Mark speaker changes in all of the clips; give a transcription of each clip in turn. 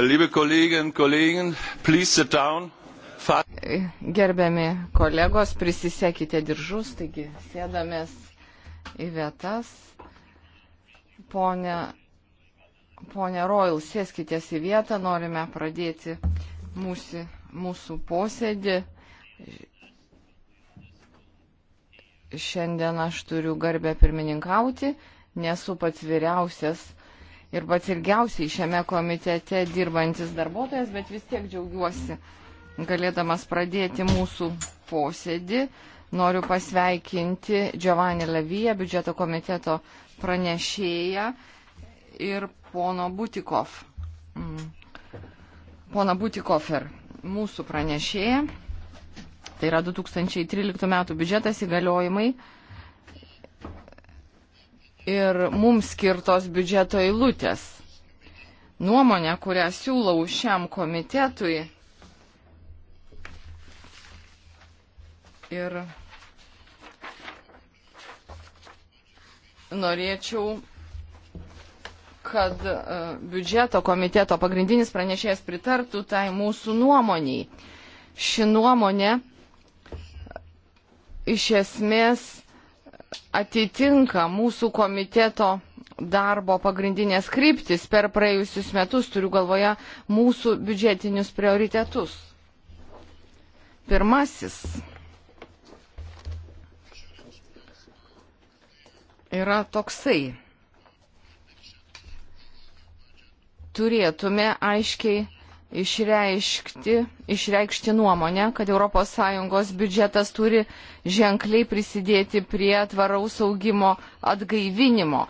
Speaker 1: Liebe Kolleginnen und Kollegen, please sit down.
Speaker 2: Gerbiami kolegos, prisisekite diržus, taigi sėdamės į vietas. Pone, pone Royal, sėskite į vietą, norime pradėti mūsų, mūsų posėdį. Šiandien aš turiu garbę pirmininkauti, nesu pats vyriausias ir pats ilgiausiai šiame komitete dirbantis darbuotojas, bet vis tiek džiaugiuosi galėdamas pradėti mūsų posėdį. Noriu pasveikinti Giovanni Levyje, biudžeto komiteto pranešėją ir pono Butikov. Mm, Pona Butikofer, mūsų pranešėja. Tai yra 2013 m. biudžetas įgaliojimai ir mums skirtos biudžeto eilutės. Nuomonė, kurią siūlau šiam komitetui ir norėčiau, kad e, biudžeto komiteto pagrindinis pranešėjas pritartų tai mūsų nuomoniai. Ši nuomonė e, iš esmės atitinka mūsų komiteto darbo pagrindinės kryptis per praėjusius metus, turiu galvoje mūsų biudžetinius prioritetus. Pirmasis yra toksai. Turėtume aiškiai išreikšti, išreikšti nuomonę, kad ES biudžetas turi ženkliai prisidėti prie tvaraus augimo atgaivinimo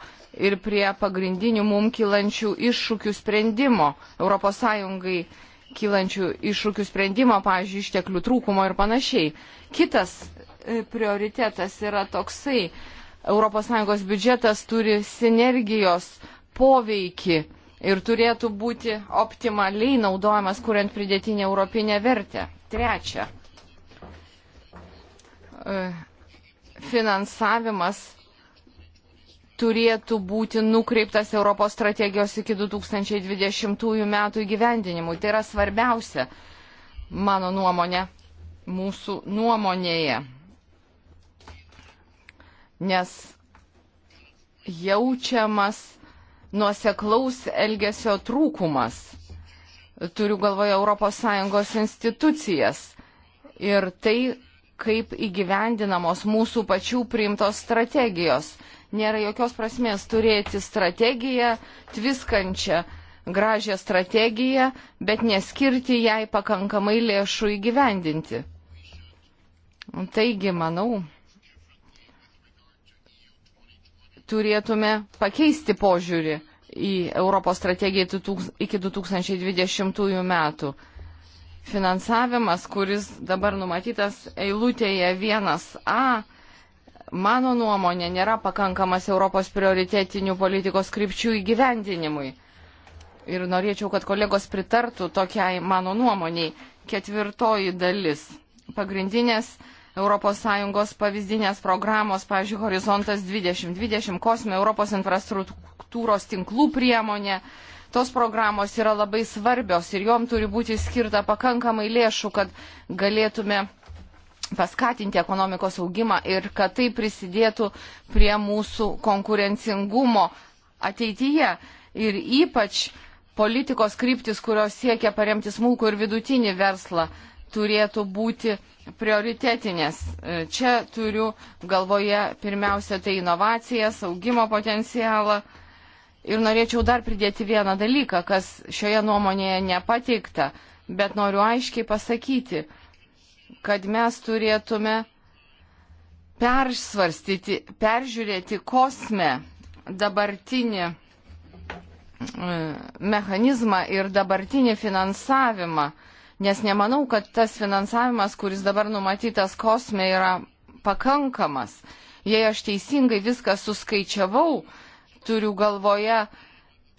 Speaker 2: ir prie pagrindinių mum kilančių iššūkių sprendimo ES kylančių iššūkių sprendimo, pavyzdžiui, išteklių trūkumo ir panašiai. Kitas e, prioritetas yra toksai, ES biudžetas turi sinergijos poveikį ir turėtų būti optimaliai naudojamas, kuriant pridėtinę europinę vertę. Trečia, e, finansavimas turėtų būti nukreiptas Europos strategijos iki 2020 metų įgyvendinimui. Tai yra svarbiausia, mano nuomonė, mūsų nuomonėje. Nes jaučiamas nuoseklaus elgesio trūkumas. Turiu galvoje ES institucijas ir tai, kaip įgyvendinamos mūsų pačių priimtos strategijos. Nėra jokios prasmės turėti strategiją, tviskančią gražią strategiją, bet neskirti jai pakankamai lėšų įgyvendinti. Taigi, manau, turėtume pakeisti požiūrį į Europos strategiją iki 2020 metų. Finansavimas, kuris dabar numatytas eilutėje 1A, mano nuomonė, nėra pakankamas Europos prioritetinių politikos krypčių įgyvendinimui. Ir norėčiau, kad kolegos pritartų tokiai mano nuomoniai. Ketvirtoji dalis. Pagrindinės ES pavyzdinės programos, pavyzdžiui, Horizontas 2020, Kosme Europos infrastruktūros tinklų priemonė. Tos programos yra labai svarbios ir jom turi būti skirta pakankamai lėšų, kad galėtume paskatinti ekonomikos augimą ir kad tai prisidėtų prie mūsų konkurencingumo ateityje. Ir ypač politikos kryptis, kurios siekia paremti smulkų ir vidutinį verslą turėtų būti prioritetinės. E, Čia turiu galvoje pirmiausia tai inovacijas, augimo potencialą. Ir norėčiau dar pridėti vieną dalyką, kas šioje nuomonėje nepateikta, bet noriu aiškiai pasakyti, kad mes turėtume persvarstyti, peržiūrėti kosme dabartinį e, mechanizmą ir dabartinį finansavimą nes nemanau, kad tas finansavimas, kuris dabar numatytas kosme, yra pakankamas. Jei aš teisingai viską suskaičiavau, turiu galvoje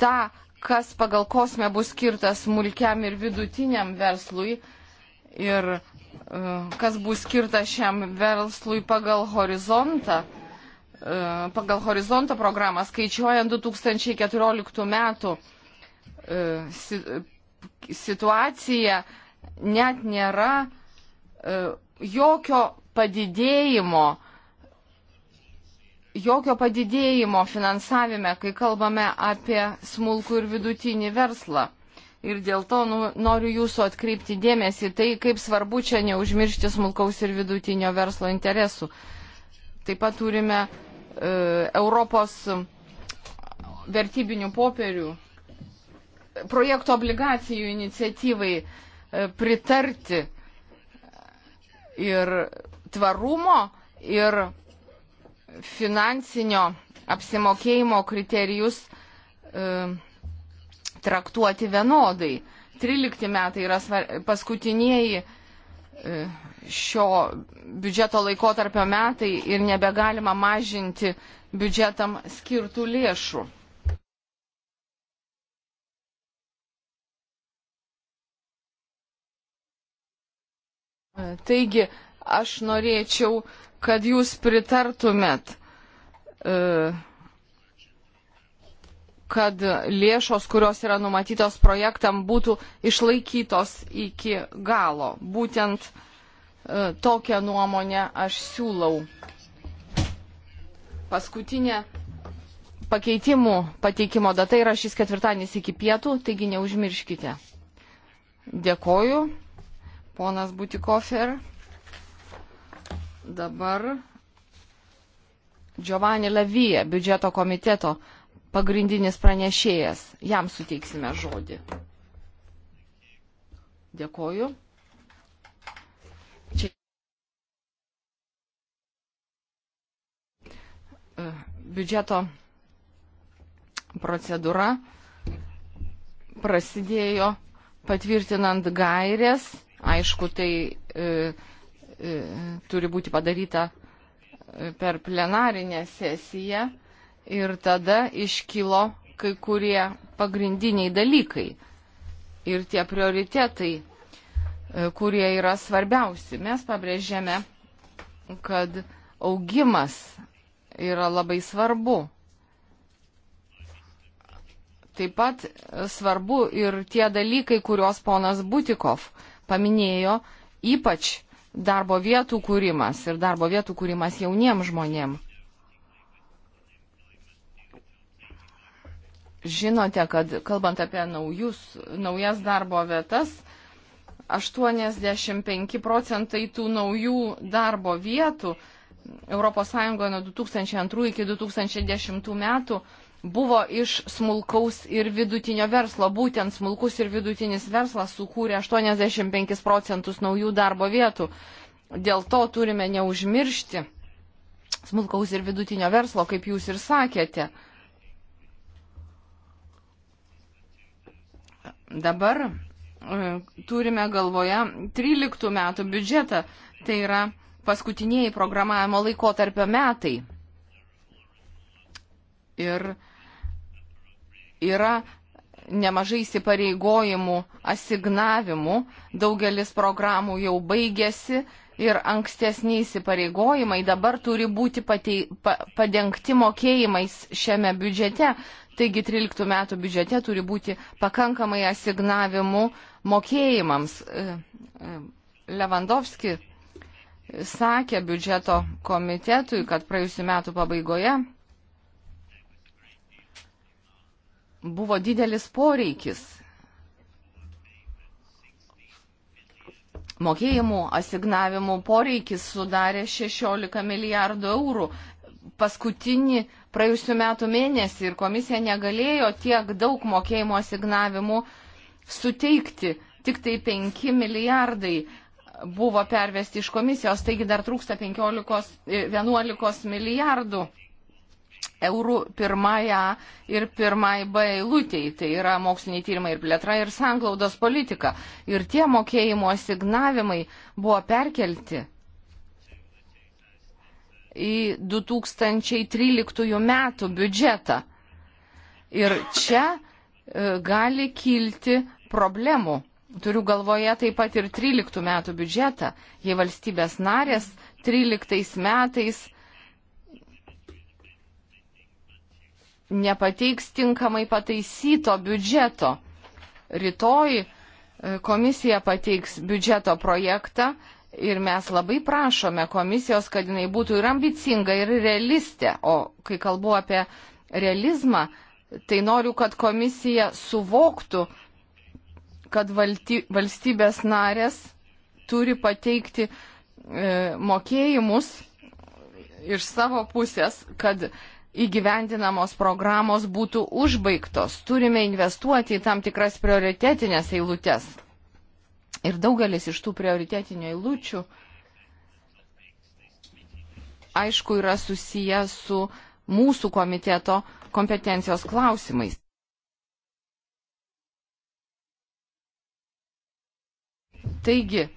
Speaker 2: tą, kas pagal kosme bus skirtas smulkiam ir vidutiniam verslui ir e, kas bus skirta šiam verslui pagal horizontą, e, pagal horizonto programą, skaičiuojant 2014 metų e, situaciją, net nėra e, jokio padidėjimo, jokio padidėjimo finansavime, kai kalbame apie smulkų ir vidutinį verslą. Ir dėl to nu, noriu jūsų atkreipti dėmesį tai, kaip svarbu čia neužmiršti smulkaus ir vidutinio verslo interesų. Taip pat turime e, Europos vertybinių popierių projektų obligacijų iniciatyvai E, pritarti ir tvarumo, ir finansinio apsimokėjimo kriterijus e, traktuoti vienodai. 13 metai yra paskutinieji e, šio biudžeto laikotarpio metai ir nebegalima mažinti biudžetam skirtų lėšų. Taigi, aš norėčiau, kad jūs pritartumėt, e, kad lėšos, kurios yra numatytos projektam, būtų išlaikytos iki galo. Būtent e, tokią nuomonę aš siūlau. Paskutinė pakeitimų pateikimo data yra šis ketvirtadienis iki pietų, taigi neužmirškite. Dėkoju. Ponas Butikofer. Dabar Giovanni Lavija, biudžeto komiteto pagrindinis pranešėjas. Jam suteiksime žodį. Dėkoju. Čia... E, biudžeto procedūra prasidėjo patvirtinant gairės Aišku, tai e, e, turi būti padaryta e, per plenarinę sesiją ir tada iškilo kai kurie pagrindiniai dalykai ir tie prioritetai, e, kurie yra svarbiausi. Mes pabrėžėme, kad augimas yra labai svarbu. Taip pat svarbu ir tie dalykai, kuriuos ponas Butikov paminėjo, ypač darbo vietų kūrimas ir darbo vietų kūrimas jauniem žmonėm. Žinote, kad kalbant apie naujus, naujas darbo vietas, 85 procentai tų naujų darbo vietų ES nuo 2002 iki 2010 metų buvo iš smulkaus ir vidutinio verslo. Būtent smulkus ir vidutinis verslas sukūrė 85 procentus naujų darbo vietų. Dėl to turime neužmiršti smulkaus ir vidutinio verslo, kaip jūs ir sakėte. Dabar e, turime galvoje 13 metų biudžetą, tai yra paskutiniai programavimo laiko tarpio metai. Ir uh, yra nemažai įsipareigojimų, asignavimų, daugelis programų jau baigėsi ir ankstesni įsipareigojimai dabar turi būti patei, pa, padengti mokėjimais šiame biudžete. Taigi 13 metų biudžete turi būti pakankamai asignavimų mokėjimams. E, e, Levandovski sakė biudžeto komitetui, kad praėjusiu metu pabaigoje buvo didelis poreikis Mokėjimų asignavimų poreikis sudarė 16 milijardų eurų paskutinį praėjusiu metu mėnesį ir komisija negalėjo tiek daug mokėjimo asignavimų suteikti. Tik tai 5 milijardai buvo pervesti iš komisijos, taigi dar trūksta 15, 11 e, milijardų eurų pirmąją ir pirmai B eilutėj, tai yra moksliniai tyrimai ir plėtra ir sanglaudos politika. Ir tie mokėjimo asignavimai buvo perkelti į 2013 metų biudžetą. Ir čia e, gali kilti problemų. Turiu galvoje taip pat ir 13 metų biudžetą, jei valstybės narės 13 metais nepateiks tinkamai pataisyto biudžeto. Rytoj e, komisija pateiks biudžeto projektą ir mes labai prašome komisijos, kad jinai būtų ir ambicinga, ir realistė. O kai kalbu apie realizmą, tai noriu, kad komisija suvoktų, kad valty, valstybės narės turi pateikti e, mokėjimus iš savo pusės, kad įgyvendinamos programos būtų užbaigtos. Turime investuoti į tam tikras prioritetinės eilutes. Ir daugelis iš tų prioritetinių eilučių, aišku, yra susiję su mūsų komiteto kompetencijos klausimais. Taigi,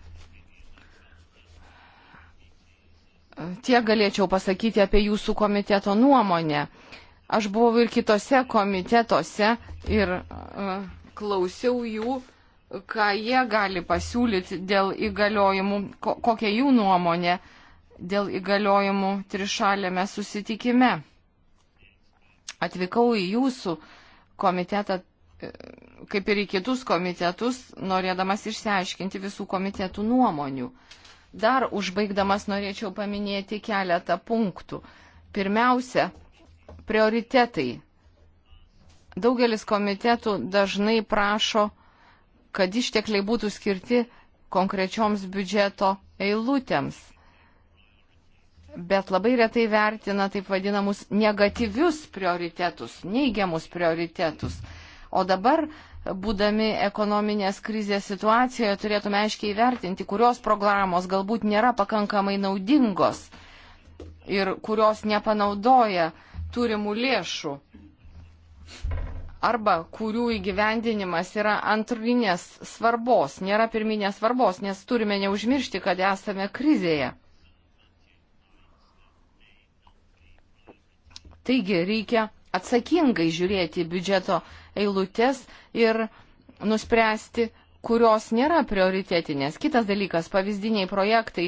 Speaker 2: Tiek galėčiau pasakyti apie jūsų komiteto nuomonę. Aš buvau ir kitose komitetuose ir uh, klausiau jų, ką jie gali pasiūlyti dėl įgaliojimų, ko, kokia jų nuomonė dėl įgaliojimų trišalėme susitikime. Atvykau į jūsų komitetą, e, kaip ir į kitus komitetus, norėdamas išsiaiškinti visų komitetų nuomonių. Uh, Dar užbaigdamas norėčiau paminėti keletą punktų. Pirmiausia, prioritetai. Daugelis komitetų dažnai prašo, kad ištekliai būtų skirti konkrečioms biudžeto eilutėms, bet labai retai vertina taip vadinamus negatyvius prioritetus, neigiamus prioritetus. O dabar, būdami ekonominės krizės situacijoje, turėtume aiškiai įvertinti, kurios programos galbūt nėra pakankamai naudingos ir kurios nepanaudoja turimų lėšų arba kurių įgyvendinimas yra antrinės svarbos, nėra pirminės svarbos, nes turime neužmiršti, kad esame krizėje. Taigi reikia atsakingai žiūrėti biudžeto eilutės ir nuspręsti, kurios nėra prioritetinės. Kitas dalykas - pavyzdiniai projektai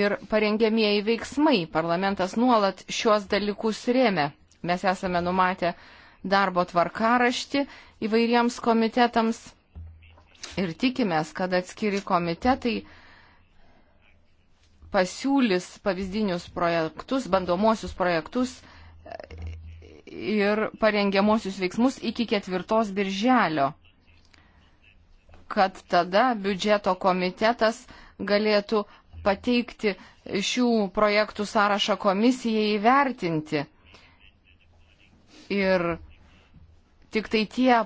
Speaker 2: ir parengėmieji veiksmai. Parlamentas nuolat šiuos dalykus rėmė. Mes esame numatę darbo tvarkaraštį įvairiems komitetams ir tikimės, kad atskiri komitetai pasiūlys pavyzdinius projektus, bandomuosius projektus ir parengiamuosius veiksmus iki ketvirtos birželio, kad tada biudžeto komitetas galėtų pateikti šių projektų sąrašą komisijai įvertinti. Ir tik tai tie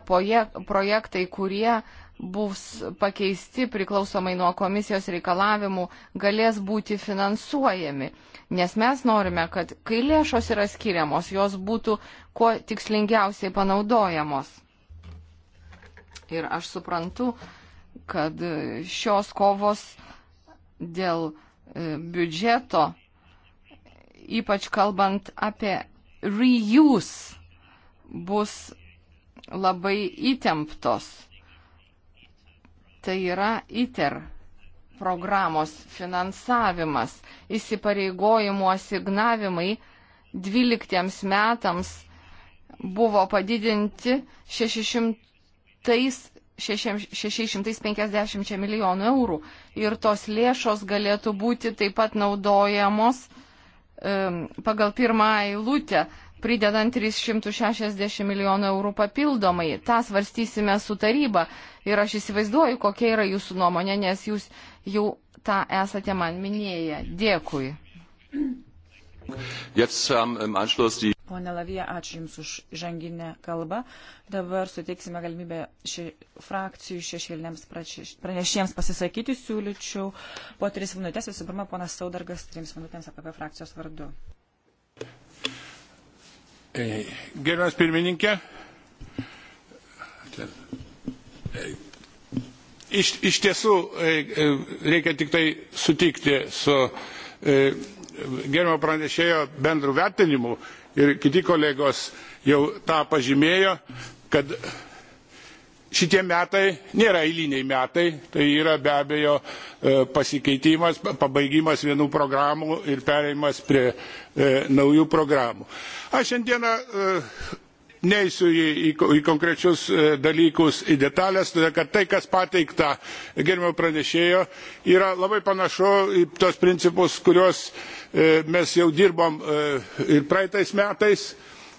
Speaker 2: projektai, kurie bus pakeisti priklausomai nuo komisijos reikalavimų, galės būti finansuojami. Nes mes norime, kad kai lėšos yra skiriamos, jos būtų kuo tikslingiausiai panaudojamos. Ir aš suprantu, kad šios kovos dėl e, biudžeto, ypač kalbant apie reuse, bus labai įtemptos tai yra ITER programos finansavimas, įsipareigojimų asignavimai 12 metams buvo padidinti 600 650 milijonų eurų ir tos lėšos galėtų būti taip pat naudojamos um, pagal pirmą eilutę pridedant 360 milijonų eurų papildomai. Ta svarstysime su taryba ir aš įsivaizduoju, kokia yra jūsų nuomonė, nes jūs jau tą esate man minėję.
Speaker 3: Dėkui. Ähm, Pone Lavija, ačiū Jums už žanginę kalbą. Dabar suteiksime galimybę ši, frakcijų šešėliniams pranešėjams pasisakyti. Siūlyčiau po tris minutės. Visų pirma, ponas Saudargas trims minutėms apie frakcijos vardu.
Speaker 1: Tai gerbiamas pirmininkė, e, iš, iš tiesų e, e, reikia tik tai sutikti su gerbiamo pranešėjo bendru vertinimu ir kiti kolegos jau tą pažymėjo, kad Šitie metai nėra eiliniai metai, tai yra be abejo e, pasikeitimas, pabaigimas vienų programų ir pereimas prie e, naujų programų. Aš šiandieną e, neįsiu į, į, į konkrečius dalykus, į detalės, todėl kad tai, kas pateikta gerimo pranešėjo, yra labai panašu į tos principus, kuriuos mes jau dirbom ir praeitais metais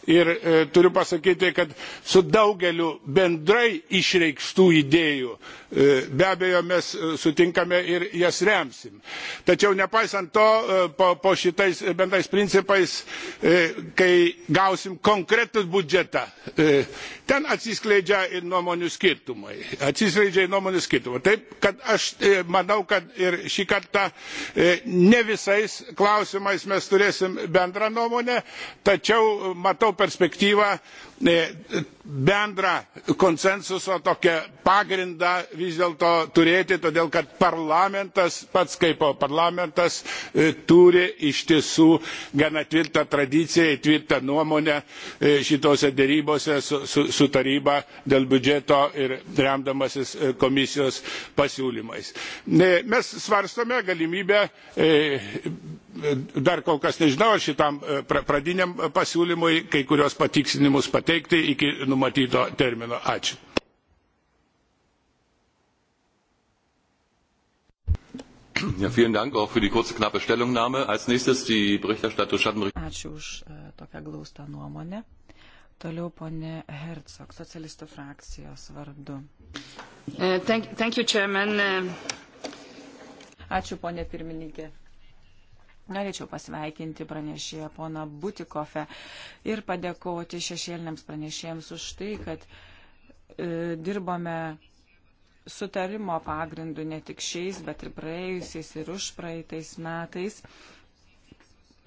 Speaker 1: ir e, turiu pasakyti, kad su daugeliu bendrai išreikštų idėjų e, be abejo mes e, sutinkame ir jas remsim. Tačiau nepaisant to, e, po, po šitais bendrais principais, e, kai gausim konkretų biudžetą, e, ten atsiskleidžia ir nuomonių skirtumai. Atsiskleidžia ir nuomonių skirtumai. Taip, kad aš e, manau, kad ir šį kartą e, ne visais klausimais mes turėsim bendrą nuomonę, tačiau e, matau perspektyvą, e, bendrą konsensuso tokią pagrindą vis dėlto turėti, todėl kad parlamentas, pats kaip parlamentas, e, turi iš tiesų gana tvirtą tradiciją, tvirtą nuomonę e, šitose dėrybose su, su, su taryba dėl biudžeto ir remdamasis komisijos pasiūlymais. Mes svarstome galimybę dar kol kas nežinau, ar šitam e, pradiniam pasiūlymui kai kurios patiksinimus pateikti iki numatyto termino. Ačiū. Ja, vielen Dank auch für die kurze,
Speaker 4: knappe Stellungnahme. Als nächstes die Berichterstattung
Speaker 3: Schattenberichterstattung. Ačiū už uh, tokią glaustą nuomonę. Toliau ponė Herzog, socialistų frakcijos vardu. Uh, thank, thank you, chairman. Uh... Ačiū, ponė pirmininkė. Norėčiau pasveikinti pranešėją poną Butikofę ir padėkoti šešėliniams pranešėjams už tai, kad e, dirbome sutarimo pagrindu ne tik šiais, bet ir praėjusiais ir už praeitais metais.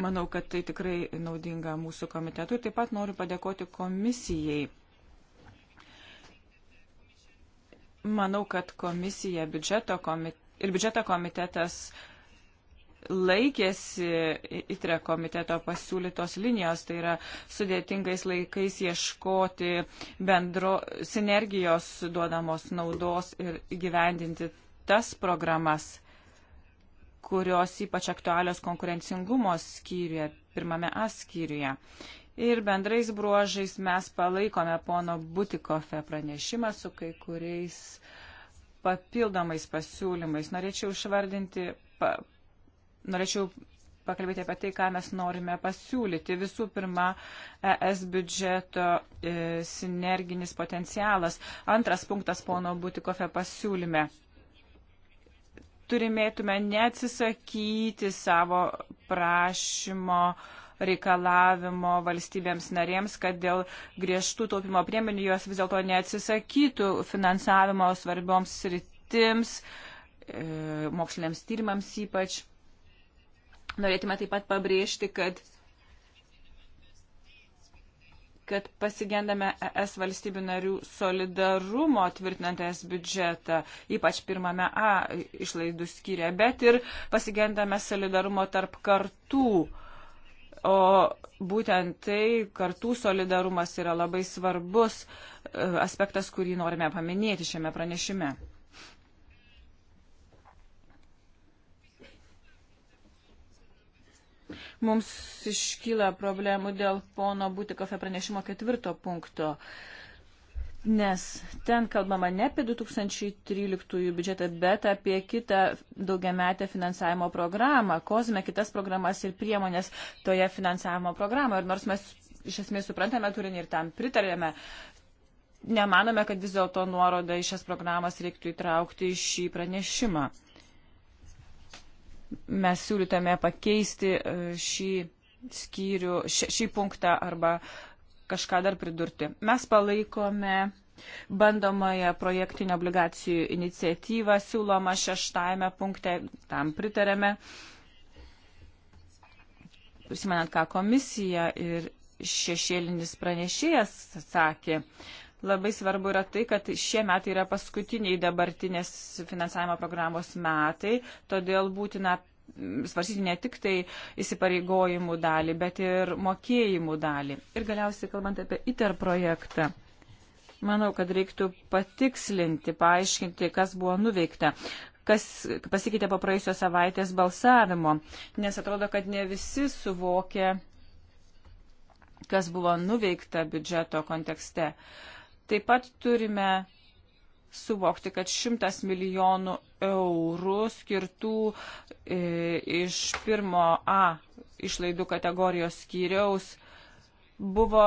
Speaker 3: Manau, kad tai tikrai naudinga mūsų komitetui. Taip pat noriu padėkoti komisijai. Manau, kad komisija biudžeto komite, ir biudžeto komitetas uh, laikėsi įtre komiteto pasiūlytos linijos, tai yra sudėtingais laikais ieškoti bendro sinergijos duodamos naudos ir gyvendinti tas programas, kurios ypač aktualios konkurencingumo skyriuje, pirmame A skyriuje. Ir bendrais bruožais mes palaikome pono Butikofe pranešimą su kai kuriais papildomais pasiūlymais. Norėčiau išvardinti pa norėčiau pakalbėti apie tai, ką mes norime pasiūlyti. Visų pirma, ES biudžeto e, sinerginis potencialas. Antras punktas pono Butikofe pasiūlyme. Turimėtume neatsisakyti savo prašymo reikalavimo valstybėms narėms, kad dėl griežtų taupimo priemonių jos vis dėlto neatsisakytų finansavimo svarbioms sritims, e, moksliniams tyrimams ypač Norėtume taip pat pabrėžti, kad kad pasigendame ES valstybių narių solidarumo tvirtinant ES biudžetą, ypač pirmame A išlaidų skyrė, bet ir pasigendame solidarumo tarp kartų. O būtent tai kartų solidarumas yra labai svarbus e, aspektas, kurį norime paminėti šiame pranešime. Mums iškyla problemų dėl pono Būtikofe pranešimo ketvirto punkto. Nes ten kalbama ne apie 2013 biudžetą, bet apie kitą daugiametę finansavimo programą. Kozime kitas programas ir priemonės toje finansavimo programoje. Ir nors mes iš esmės suprantame turinį ir tam pritarėme, nemanome, kad vis dėlto nuorodą į šias programas reiktų įtraukti į šį pranešimą mes siūlytame pakeisti e, šį skyrių, šį punktą arba kažką dar pridurti. Mes palaikome bandomąją projektinių obligacijų iniciatyvą, siūloma šeštajame punkte, tam pritarėme. Prisimenant, ką komisija ir šešėlinis pranešėjas sakė, Labai svarbu yra tai, kad šie metai yra paskutiniai dabartinės finansavimo programos metai, todėl būtina svarsyti ne tik tai įsipareigojimų dalį, bet ir mokėjimų dalį. Ir galiausiai kalbant apie ITER projektą. Manau, kad reiktų patikslinti, paaiškinti, kas buvo nuveikta, kas pasikeitė po praėjusios savaitės balsavimo, nes atrodo, kad ne visi suvokė, kas buvo nuveikta biudžeto kontekste. Uh, Taip pat turime suvokti, kad šimtas milijonų eurų skirtų e, iš pirmo A išlaidų kategorijos skyriaus buvo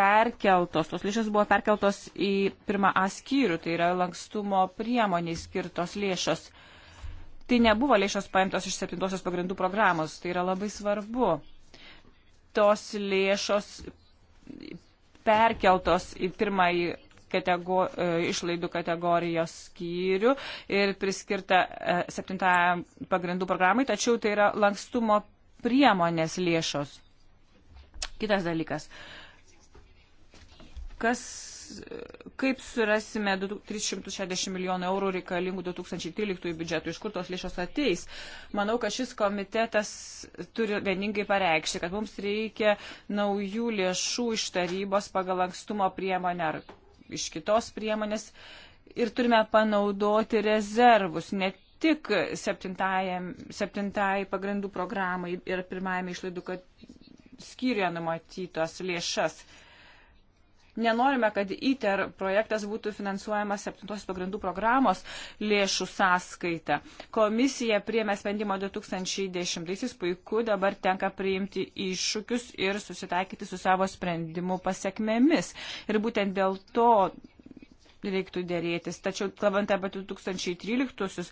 Speaker 3: perkeltos, tos lėšos buvo perkeltos į pirmą A skyrių, tai yra lankstumo priemoniai skirtos lėšos. Tai nebuvo lėšos paimtos iš septintosios pagrindų programos, tai yra labai svarbu. Tos lėšos perkeltos į pirmąjį katego, e, išlaidų kategorijos skyrių ir priskirta e, septintajam pagrindų programai, tačiau tai yra lankstumo priemonės lėšos. Kitas dalykas. Kas kaip surasime 360 milijonų eurų reikalingų 2013 biudžetų, iš kur tos lėšos ateis. Manau, kad šis komitetas turi vieningai pareikšti, kad mums reikia naujų lėšų iš tarybos pagal ankstumo priemonę ar iš kitos priemonės ir turime panaudoti rezervus, ne tik septintai pagrindų programai ir pirmajame išlaidų skyriuje numatytos lėšas Nenorime, kad ITER projektas būtų finansuojamas 7 pagrindų programos lėšų sąskaita. Komisija priėmė sprendimą 2010-aisiais puiku, dabar tenka priimti iššūkius ir susitaikyti su savo sprendimu pasiekmėmis. Ir būtent dėl to reiktų dėrėtis. Tačiau, kalbant apie 2013-usius,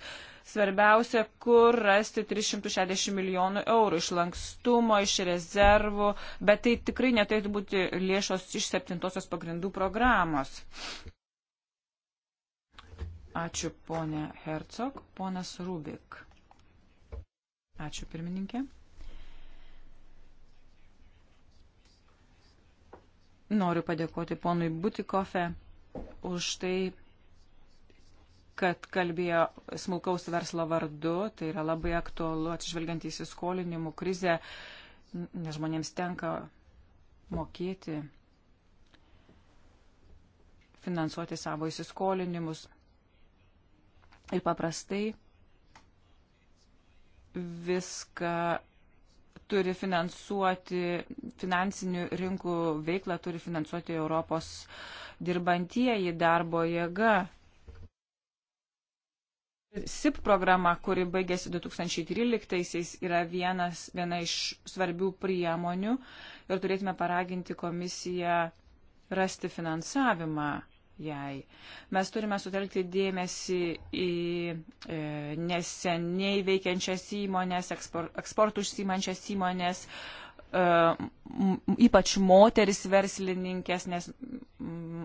Speaker 3: svarbiausia, kur rasti 360 milijonų eurų iš lankstumo, iš rezervų, bet tai tikrai neturėtų būti lėšos iš septintosios pagrindų programos. Ačiū ponė Hercog, ponas Rubik. Ačiū pirmininkė. Noriu padėkoti ponui Butikofe už tai, kad kalbėjo smulkaus verslo vardu. Tai yra labai aktualu atsižvelgiant į įsiskolinimų krizę, nes žmonėms tenka mokėti, finansuoti savo įsiskolinimus. Ir paprastai viską turi finansuoti, finansinių rinkų veiklą turi finansuoti Europos uh, dirbantieji darbo jėga. SIP programa, kuri baigėsi 2013-aisiais, yra vienas, viena iš svarbių priemonių ir turėtume paraginti komisiją rasti finansavimą jai. Mes turime sutelkti dėmesį į e, neseniai veikiančias įmonės, ekspor, eksportų užsimančias įmonės, e, E, ypač moteris verslininkės, nes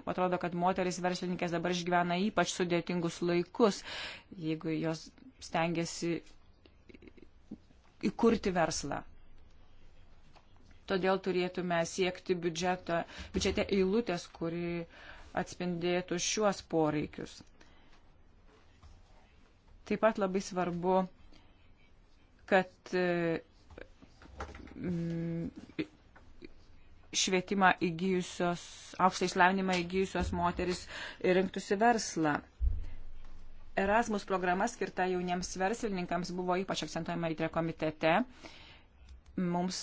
Speaker 3: atrodo, kad moteris verslininkės dabar išgyvena ypač sudėtingus laikus, jeigu jos stengiasi įkurti verslą. Todėl turėtume siekti biudžeto, biudžete eilutės, kuri atspindėtų šiuos poreikius. Taip pat labai svarbu, kad e, Mm, švietimą įgyjusios, aukštą išlavinimą įgyjusios moteris rinktųsi verslą. Erasmus programa skirta jauniems verslininkams buvo ypač akcentuojama įtrė komitete. Mums,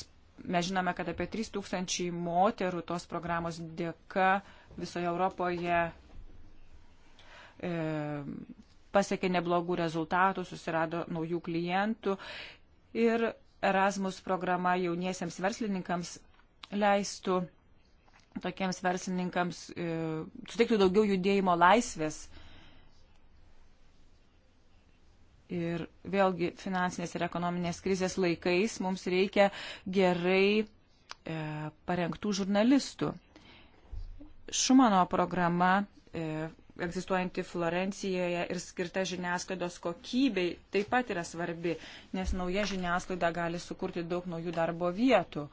Speaker 3: mes žinome, kad apie 3000 moterų tos programos dėka visoje Europoje e, pasiekė neblogų rezultatų, susirado naujų klientų ir Erasmus programa jauniesiems verslininkams leistų tokiems verslininkams e, suteiktų daugiau judėjimo laisvės. Ir vėlgi finansinės ir ekonominės krizės laikais mums reikia gerai e, parengtų žurnalistų. Šumano programa e, egzistuojanti Florencijoje ir skirta žiniasklaidos kokybei taip pat yra svarbi, nes nauja žiniasklaida gali sukurti daug naujų darbo vietų,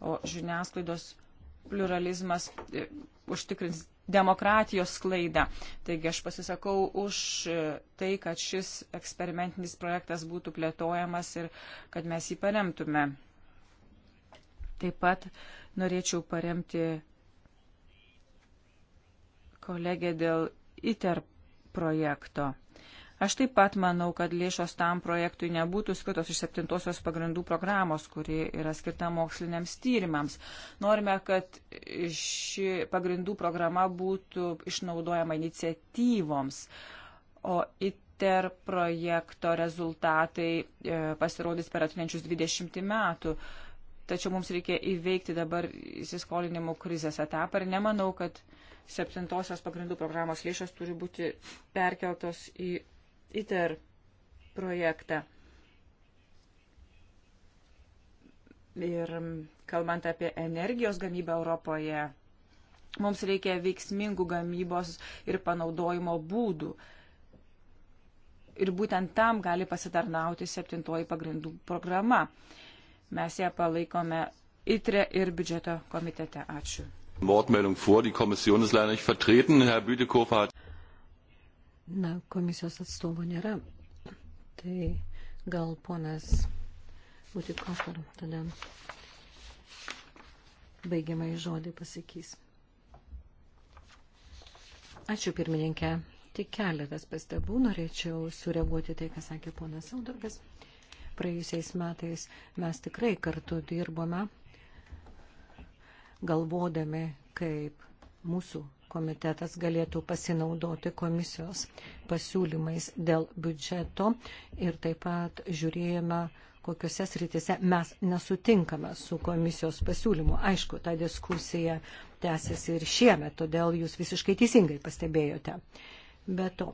Speaker 3: o žiniasklaidos pluralizmas e, užtikrins demokratijos sklaidą. Taigi aš pasisakau už e, tai, kad šis eksperimentinis projektas būtų plėtojamas ir kad mes jį paremtume. Taip pat norėčiau paremti kolegę dėl ITER projekto. Aš taip pat manau, kad lėšos tam projektui nebūtų skirtos iš septintosios pagrindų programos, kuri yra skirta moksliniams tyrimams. Norime, kad ši pagrindų programa būtų išnaudojama iniciatyvoms, o ITER projekto rezultatai e, pasirodys per atinančius 20 metų. Tačiau mums reikia įveikti dabar įsiskolinimų krizės etapą ir nemanau, kad e, septintosios pagrindų programos lėšos turi būti perkeltos į ITER projektą. Ir kalbant apie energijos gamybą Europoje, mums reikia veiksmingų gamybos ir panaudojimo būdų. Ir būtent tam gali pasitarnauti septintoji pagrindų programa. Mes ją palaikome ITRE ir biudžeto komitete. Ačiū.
Speaker 1: Wortmeldung vor. Die Kommission ist leider nicht vertreten. Herr Bütikofer hat.
Speaker 4: Na, komisijos atstovų nėra. Tai gal ponas Butikofer tada baigiamai žodį pasakys. Ačiū pirmininkė. Tik keletas pastabų norėčiau sureaguoti tai, ką sakė ponas Saudurgas. Praėjusiais metais mes tikrai kartu dirbome galvodami, kaip mūsų komitetas galėtų pasinaudoti komisijos pasiūlymais dėl biudžeto ir taip pat žiūrėjome, kokiuose sritise mes nesutinkame su komisijos pasiūlymu. Aišku, ta diskusija tęsiasi ir šiemet, todėl jūs visiškai teisingai pastebėjote. Be to,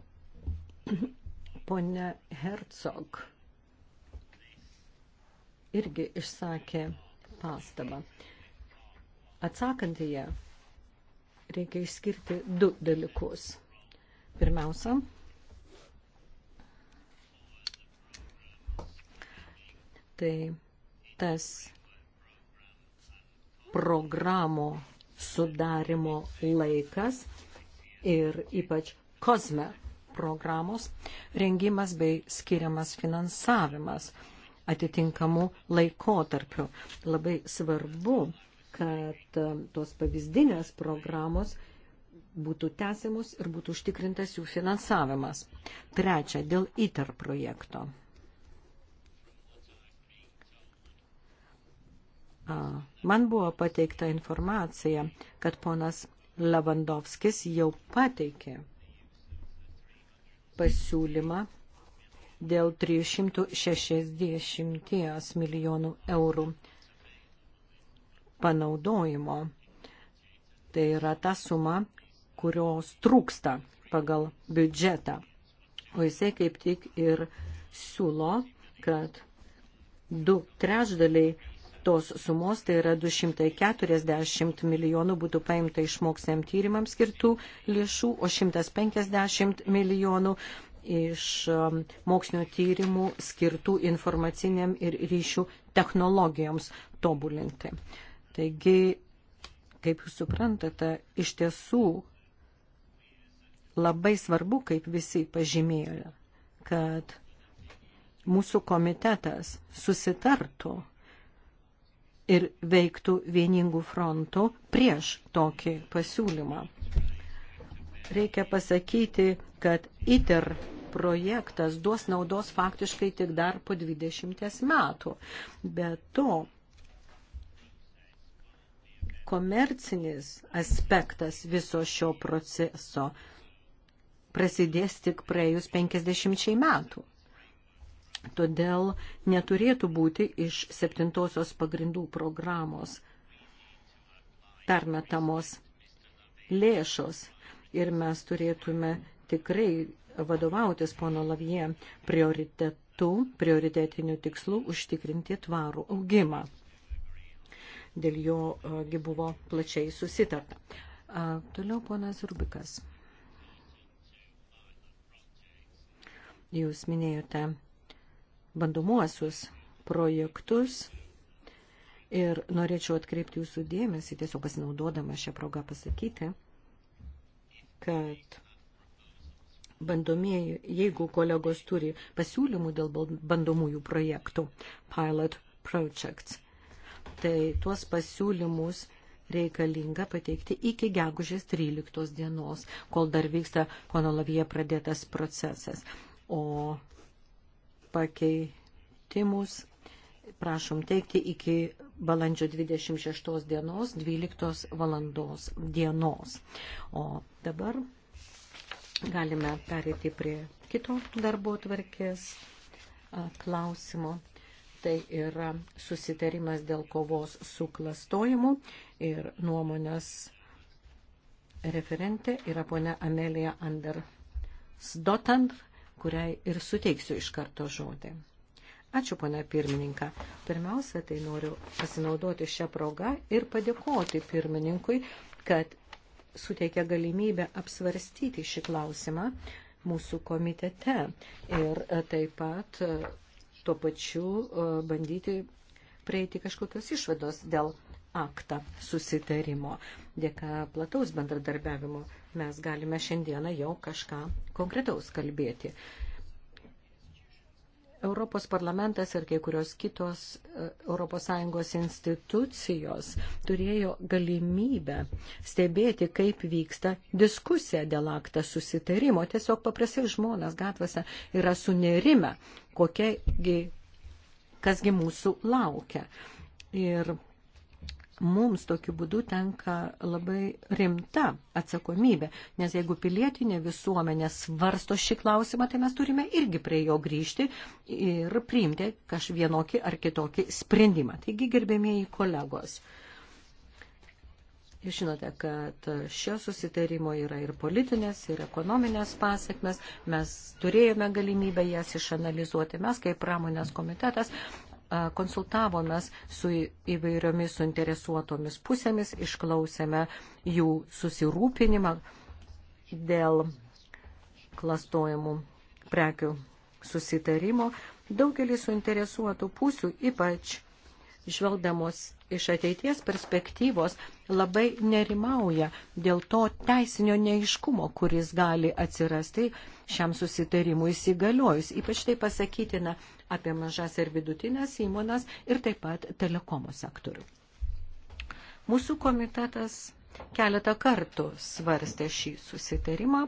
Speaker 4: ponia Hercog irgi išsakė pastabą. Atsakant į ją, reikia išskirti du dalykus. Pirmiausia, tai tas programų sudarimo laikas ir ypač COSME programos rengimas bei skiriamas finansavimas atitinkamų laikotarpių. Labai svarbu kad e, tos pavyzdinės programos būtų tęsiamos ir būtų užtikrintas jų finansavimas. Trečia, dėl ITER projekto. Man buvo pateikta informacija, kad ponas Levandovskis jau pateikė pasiūlymą dėl 360 milijonų eurų panaudojimo. Tai yra ta suma, kurios trūksta pagal biudžetą. O jisai kaip tik ir siūlo, kad du trečdaliai tos sumos, tai yra 240 milijonų būtų paimta iš moksliam tyrimams skirtų lėšų, o 150 milijonų iš um, mokslinio tyrimų skirtų informaciniam ir ryšių technologijoms tobulinti. Taigi, kaip jūs suprantate, iš tiesų labai svarbu, kaip visi pažymėjo, kad mūsų komitetas susitartų ir veiktų vieningų frontų prieš tokį pasiūlymą. Reikia pasakyti, kad ITER projektas duos naudos faktiškai tik dar po 20 metų. Be to, komercinis aspektas viso šio proceso prasidės tik praėjus 50 metų. Todėl neturėtų būti iš septintosios pagrindų programos permetamos lėšos ir mes turėtume tikrai vadovautis pono Lavie prioritetu, prioritetiniu tikslu užtikrinti tvarų augimą dėl jogi buvo plačiai susitarta. Toliau ponas Rubikas. Jūs minėjote bandomuosius projektus ir norėčiau atkreipti jūsų dėmesį, tiesiog pasinaudodama šią progą pasakyti, kad bandomieji, jeigu kolegos turi pasiūlymų dėl bandomųjų projektų, pilot projects, tai tuos pasiūlymus reikalinga pateikti iki gegužės 13 dienos, kol dar vyksta pono Lavie pradėtas procesas. O pakeitimus prašom teikti iki balandžio 26 dienos, 12 valandos dienos. O dabar galime perėti prie kito darbo tvarkės klausimo tai yra susitarimas dėl kovos su klastojimu ir nuomonės referentė yra ponia Amelija Andersdotan, kuriai ir suteiksiu iš karto žodį. Ačiū, ponia pirmininka. Pirmiausia, tai noriu pasinaudoti šią progą ir padėkoti pirmininkui, kad suteikia galimybę apsvarstyti šį klausimą mūsų komitete ir e, taip pat tuo pačiu e, bandyti prieiti kažkokios išvados dėl aktą susitarimo. Dėka plataus bendradarbiavimo mes galime šiandieną jau kažką konkretaus kalbėti. Europos parlamentas ir kai kurios kitos ES institucijos turėjo galimybę stebėti, kaip vyksta diskusija dėl aktą susitarimo. Tiesiog paprastai žmonės gatvėse yra sunerime, kokiagi, kasgi mūsų laukia. Ir mums tokiu būdu tenka labai rimta atsakomybė, nes jeigu pilietinė visuomenė svarsto šį klausimą, tai mes turime irgi prie jo grįžti ir priimti kažvienokį ar kitokį sprendimą. Taigi, gerbėmieji kolegos, Jūs žinote, kad šio susitarimo yra ir politinės, ir ekonominės pasiekmes. Mes turėjome galimybę jas išanalizuoti. Mes, kaip pramonės komitetas, konsultavomės su įvairiomis suinteresuotomis pusėmis, išklausėme jų susirūpinimą dėl klastojimų prekių susitarimo. Daugelis suinteresuotų pusių, ypač žvelgdamos iš ateities perspektyvos, labai nerimauja dėl to teisinio neiškumo, kuris gali atsirasti šiam susitarimui įsigaliojus. Ypač tai pasakytina apie mažas ir vidutinės įmonas ir taip pat telekomo sektorių. Mūsų komitetas keletą kartų svarstė šį susitarimą,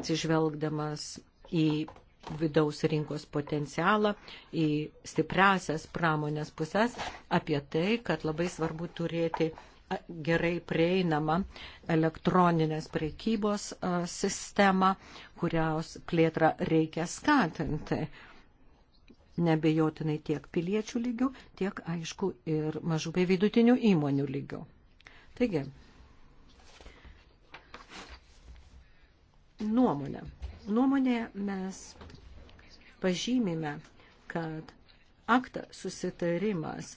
Speaker 4: atsižvelgdamas į vidaus rinkos potencialą, į stipriasias pramonės pusės, apie tai, kad labai svarbu turėti gerai prieinamą elektroninės prekybos e, sistemą, kurios plėtrą reikia skatinti. Nebejotinai tiek piliečių lygių, tiek aišku ir mažų bei vidutinių įmonių lygių. Taigi, nuomonė. Nuomonė mes pažymime, kad aktą susitarimas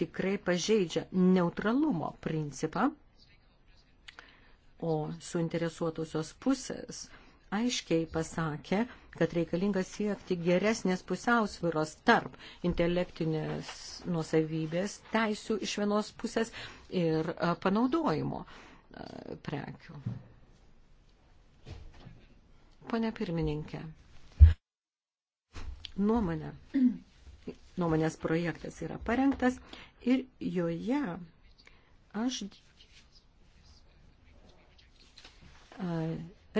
Speaker 4: tikrai pažeidžia neutralumo principą, o suinteresuotosios pusės aiškiai pasakė, kad reikalinga siekti geresnės pusiausviros tarp intelektinės nuosavybės teisių iš vienos pusės ir e, panaudojimo e, prekių. Pane pirmininkė, nuomonė, nuomonės projektas yra parengtas Ir joje aš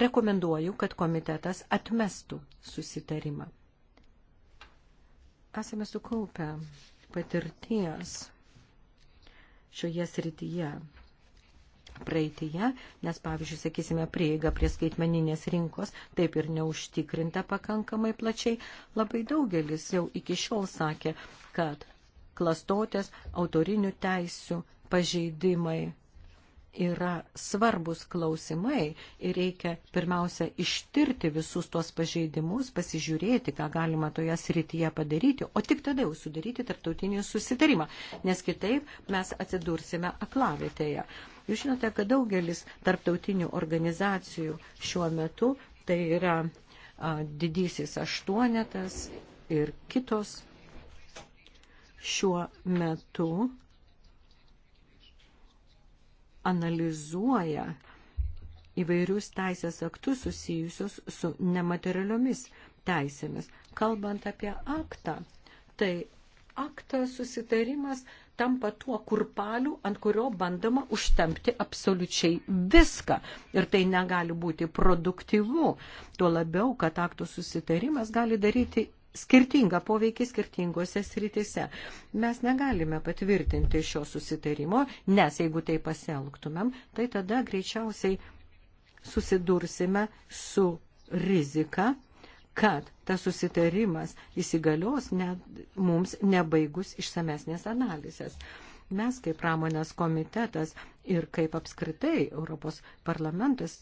Speaker 4: rekomenduoju, kad komitetas atmestų susitarimą. Esame sukaupę patirties šioje srityje praeityje, nes, pavyzdžiui, sakysime, prieiga prie skaitmeninės rinkos taip ir neužtikrinta pakankamai plačiai. Labai daugelis jau iki šiol sakė, kad klastotės, autorinių teisių pažeidimai yra svarbus klausimai ir reikia pirmiausia ištirti visus tuos pažeidimus, pasižiūrėti, ką galima toje srityje padaryti, o tik tada jau sudaryti tarptautinį susitarimą, nes kitaip mes atsidursime aklavietėje. Jūs žinote, kad daugelis tarptautinių organizacijų šiuo metu, tai yra a, didysis aštuonetas ir kitos šiuo metu analizuoja įvairius teisės aktus susijusius su nematerialiomis teisėmis. Kalbant apie aktą, tai aktas susitarimas tampa tuo kurpaliu, ant kurio bandama užtempti absoliučiai viską. Ir tai negali būti produktyvu. Tuo labiau, kad aktų susitarimas gali daryti skirtingą poveikį skirtingose sritise. Mes negalime patvirtinti šio susitarimo, nes jeigu tai pasielgtumėm, tai tada greičiausiai susidursime su rizika, kad tas susitarimas įsigalios net, mums nebaigus išsamesnės analizės. Mes kaip pramonės komitetas ir kaip apskritai Europos parlamentas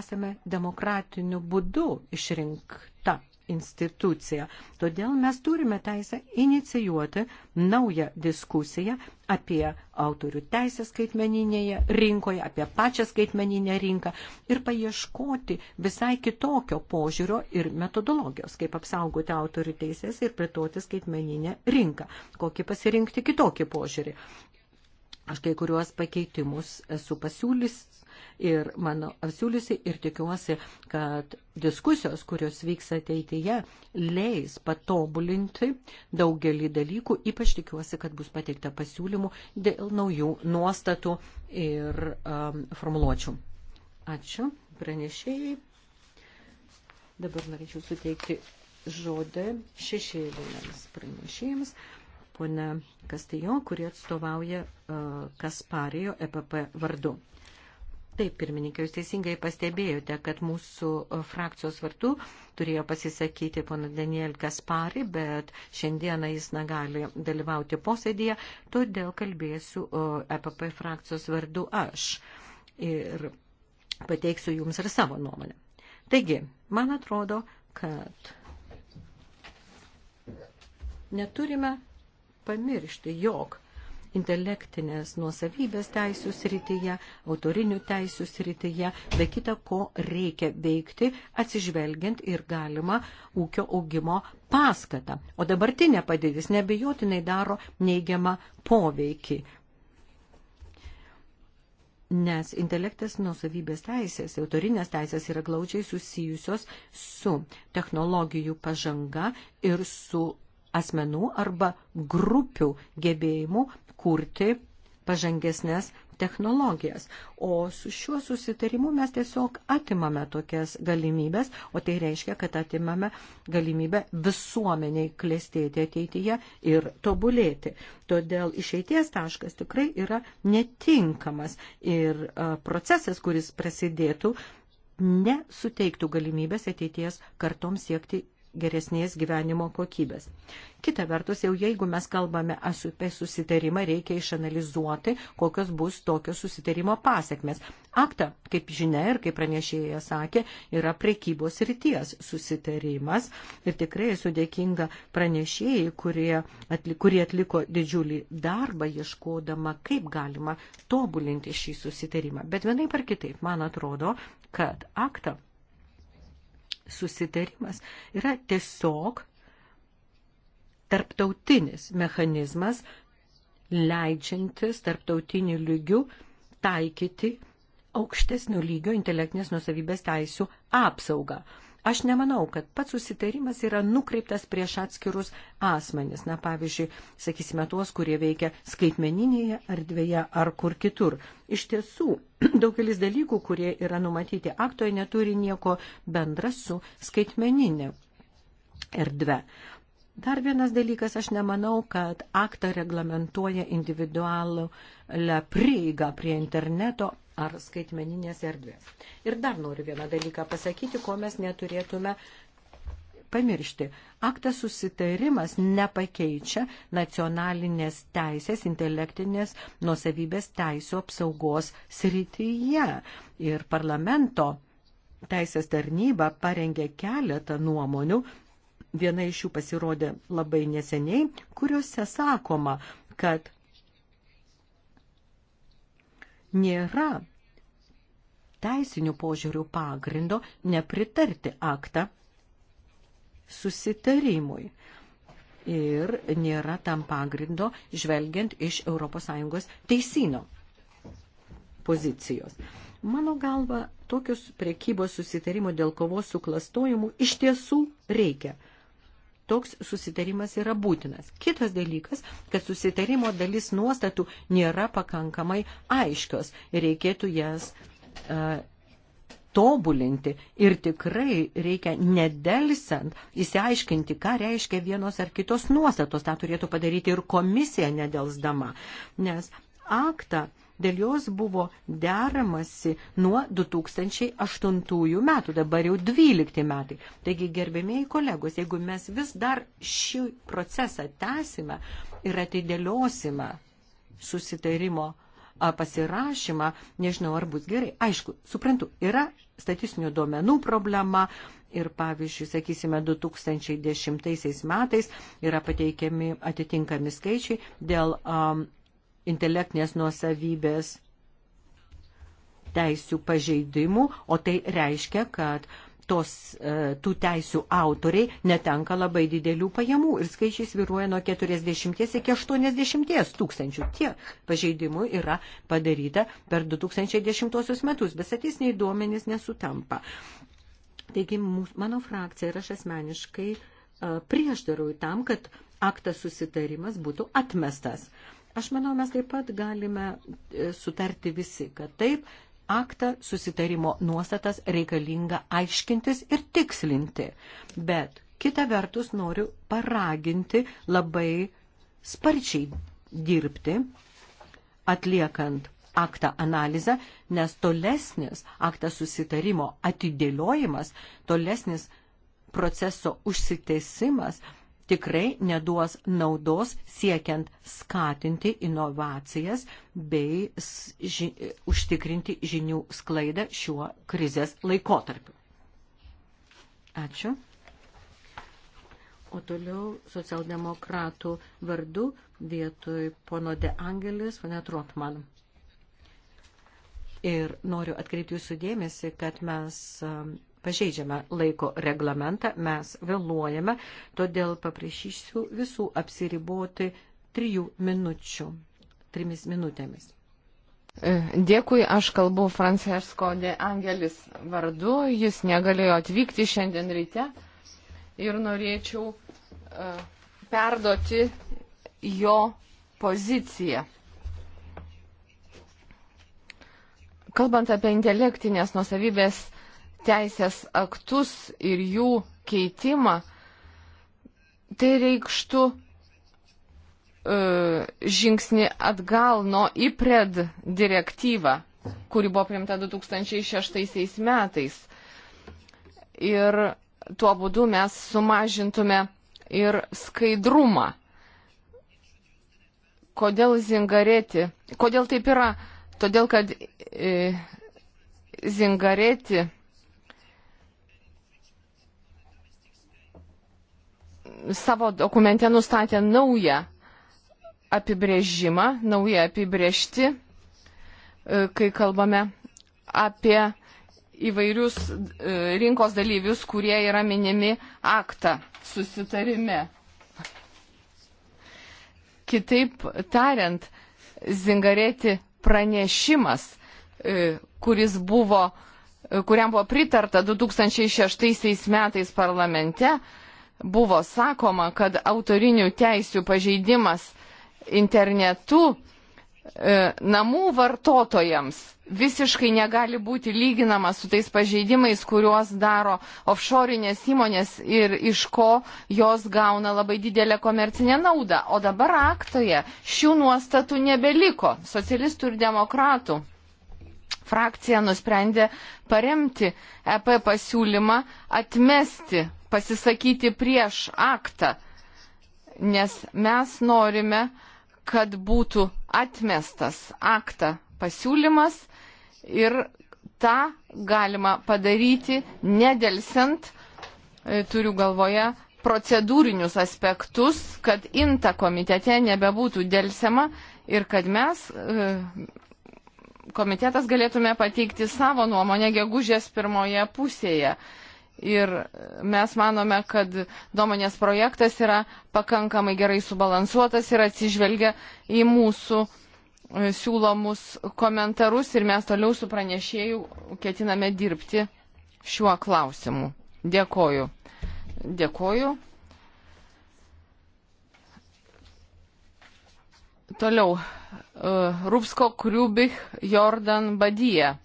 Speaker 4: esame demokratiniu būdu išrinkta institucija. Todėl mes turime teisę inicijuoti naują diskusiją apie autorių teisę skaitmeninėje rinkoje, apie pačią skaitmeninę rinką ir paieškoti visai kitokio požiūrio ir metodologijos, kaip apsaugoti autorių teisės ir plėtoti skaitmeninę rinką, kokį pasirinkti kitokį požiūrį. Aš kai kuriuos pakeitimus esu pasiūlys, ir mano siūlysi ir tikiuosi, kad diskusijos, kurios vyks ateityje, leis patobulinti daugelį dalykų, ypač tikiuosi, kad bus pateikta pasiūlymų dėl naujų nuostatų ir um, formuluočių. Ačiū pranešėjai. Dabar norėčiau suteikti žodį šešėliniams pranešėjams ponia Kastijo, kuri atstovauja uh, Kasparijo EPP vardu. Taip, pirmininkai, jūs teisingai pastebėjote, kad mūsų e, frakcijos vartų turėjo pasisakyti pana Daniel Kaspari, bet šiandieną jis negali dalyvauti posėdėje, todėl kalbėsiu EPP e frakcijos vardu aš ir pateiksiu jums ir savo nuomonę. Taigi, man atrodo, kad neturime pamiršti, jog intelektinės nuosavybės teisų srityje, autorinių teisų srityje, be kita ko reikia veikti, atsižvelgiant ir galima ūkio augimo paskatą. O dabartinė padėtis nebejotinai daro neigiamą poveikį. Nes intelektas nuosavybės teisės, autorinės teisės yra glaučiai susijusios su technologijų pažanga ir su asmenų arba grupių gebėjimu kurti pažangesnės technologijas. O su šiuo susitarimu mes tiesiog atimame tokias galimybės, o tai reiškia, kad atimame galimybę visuomeniai klėstėti ateityje ir tobulėti. Todėl išeities taškas tikrai yra netinkamas ir procesas, kuris prasidėtų, nesuteiktų galimybės ateities kartoms siekti geresnės gyvenimo kokybės. Kita vertus, jau jeigu mes kalbame apie susitarimą, reikia išanalizuoti, kokios bus tokio susitarimo pasiekmes. Akta, kaip žinia ir kaip pranešėja sakė, yra prekybos ryties susitarimas ir tikrai esu dėkinga pranešėjai, kurie, atli, kurie atliko didžiulį darbą ieškodama, kaip galima tobulinti šį susitarimą. Bet vienai par kitaip, man atrodo, kad akta susitarimas yra tiesiog tarptautinis mechanizmas, leidžiantis tarptautiniu lygiu taikyti aukštesnio lygio intelektinės nusavybės teisų apsaugą. Aš nemanau, kad pats susitarimas yra nukreiptas prieš atskirus asmenis. Na, pavyzdžiui, sakysime, tuos, kurie veikia skaitmeninėje erdvėje ar kur kitur. Iš tiesų, daugelis dalykų, kurie yra numatyti aktoje, neturi nieko bendra su skaitmeninė erdvė. Dar vienas dalykas, aš nemanau, kad aktą reglamentuoja individualų prieigą prie interneto ar skaitmeninės erdvės. Ir dar noriu vieną dalyką pasakyti, ko mes neturėtume pamiršti. Aktas susitarimas nepakeičia nacionalinės teisės, intelektinės nusavybės teisų apsaugos srityje. Ir parlamento teisės tarnyba parengė keletą nuomonių. Viena iš jų pasirodė labai neseniai, kuriuose sakoma, kad nėra teisinių požiūrių pagrindo nepritarti aktą susitarimui. Ir nėra tam pagrindo žvelgiant iš ES teisino pozicijos. Mano galva, tokius priekybos susitarimų dėl kovos su klastojimu iš tiesų reikia toks susitarimas yra būtinas. Kitas dalykas, kad susitarimo dalis nuostatų nėra pakankamai aiškios ir reikėtų jas uh, tobulinti ir tikrai reikia nedelsiant įsiaiškinti, ką reiškia vienos ar kitos nuostatos. Ta turėtų padaryti ir komisija nedelsdama, nes aktą uh, Dėl jos buvo deramasi nuo 2008 metų, dabar jau 12 metai. Taigi, gerbėmiai kolegos, jeigu mes vis dar šį procesą tęsime ir atidėliosime susitarimo pasirašymą, nežinau, ar bus gerai. Aišku, suprantu, yra statistinių duomenų problema ir, pavyzdžiui, sakysime, 2010 metais yra pateikiami atitinkami skaičiai dėl um, intelektinės nuosavybės teisių pažeidimų, o tai reiškia, kad tos, e, tų teisių autoriai netenka labai didelių pajamų ir skaičiai sviruoja nuo 40 iki 80 tūkstančių. Tie pažeidimų yra padaryta per 2010 metus, bet statistiniai duomenys nesutampa. Taigi mano frakcija ir aš asmeniškai e, prieštarauju tam, kad aktas susitarimas būtų atmestas. Aš manau, mes taip pat galime e, sutarti visi, kad taip, aktą susitarimo nuostatas reikalinga aiškintis ir tikslinti. Bet kita vertus noriu paraginti labai sparčiai dirbti, atliekant aktą analizę, nes tolesnis aktą susitarimo atidėliojimas, tolesnis proceso užsitesimas tikrai neduos naudos siekiant skatinti inovacijas bei ži užtikrinti žinių sklaidą šiuo krizės laikotarpiu. Ačiū. O toliau socialdemokratų vardu vietoj pono De Angelis, pone Trotman. Ir noriu atkreipti jūsų dėmesį, kad mes pažeidžiame laiko reglamentą, mes vėluojame, todėl paprašysiu visų apsiriboti trijų minučių, trimis minutėmis.
Speaker 2: E, dėkui, aš kalbu Francesco de Angelis vardu, jis negalėjo atvykti šiandien ryte ir norėčiau uh, perduoti jo poziciją. Kalbant apie intelektinės nusavybės teisės aktus ir jų keitimą, tai reikštų e, žingsnį atgal nuo IPRED direktyvą, kuri buvo priimta 2006 metais. Ir tuo būdu mes sumažintume ir skaidrumą. Kodėl zingarėti? Kodėl taip yra? Todėl, kad e, zingarėti savo dokumente nustatė naują apibrėžimą, naują apibrėžti, e, kai kalbame apie įvairius e, rinkos dalyvius, kurie yra minimi aktą susitarime. Kitaip tariant, Zingarėti pranešimas, e, kuris buvo, kuriam buvo pritarta 2006 metais parlamente, buvo sakoma, kad autorinių teisių pažeidimas internetu e, namų vartotojams visiškai negali būti lyginamas su tais pažeidimais, kuriuos daro offshore'inės įmonės ir iš ko jos gauna labai didelę komercinę naudą. O dabar aktoje šių nuostatų nebeliko. Socialistų ir demokratų frakcija nusprendė paremti EP pasiūlymą atmesti pasisakyti prieš aktą, nes mes norime, kad būtų atmestas aktą pasiūlymas ir tą galima padaryti nedelsiant, e, turiu galvoje, procedūrinius aspektus, kad inta komitete nebebūtų dėlsiama ir kad mes e, komitetas galėtume pateikti savo nuomonę gegužės pirmoje pusėje. Ir mes manome, kad domonės projektas yra pakankamai gerai subalansuotas ir atsižvelgia į mūsų e, siūlomus komentarus ir mes toliau su pranešėjų ketiname dirbti šiuo klausimu. Dėkoju. Dėkoju. Toliau. E, Rūpsko Kriubich Jordan Badyje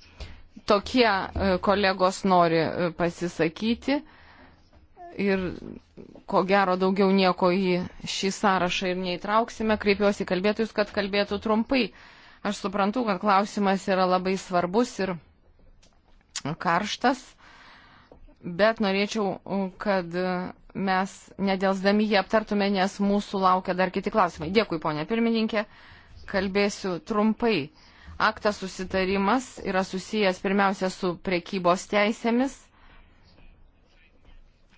Speaker 2: tokie e, kolegos nori e, pasisakyti ir ko gero daugiau nieko į šį sąrašą ir neįtrauksime. Kreipiuosi kalbėtojus, kad kalbėtų trumpai. Aš suprantu, kad klausimas yra labai svarbus ir karštas, bet norėčiau, e, kad mes nedelsdami jį aptartume, nes mūsų laukia dar kiti klausimai. Dėkui, ponė pirmininkė, kalbėsiu trumpai aktas susitarimas yra susijęs pirmiausia su prekybos teisėmis.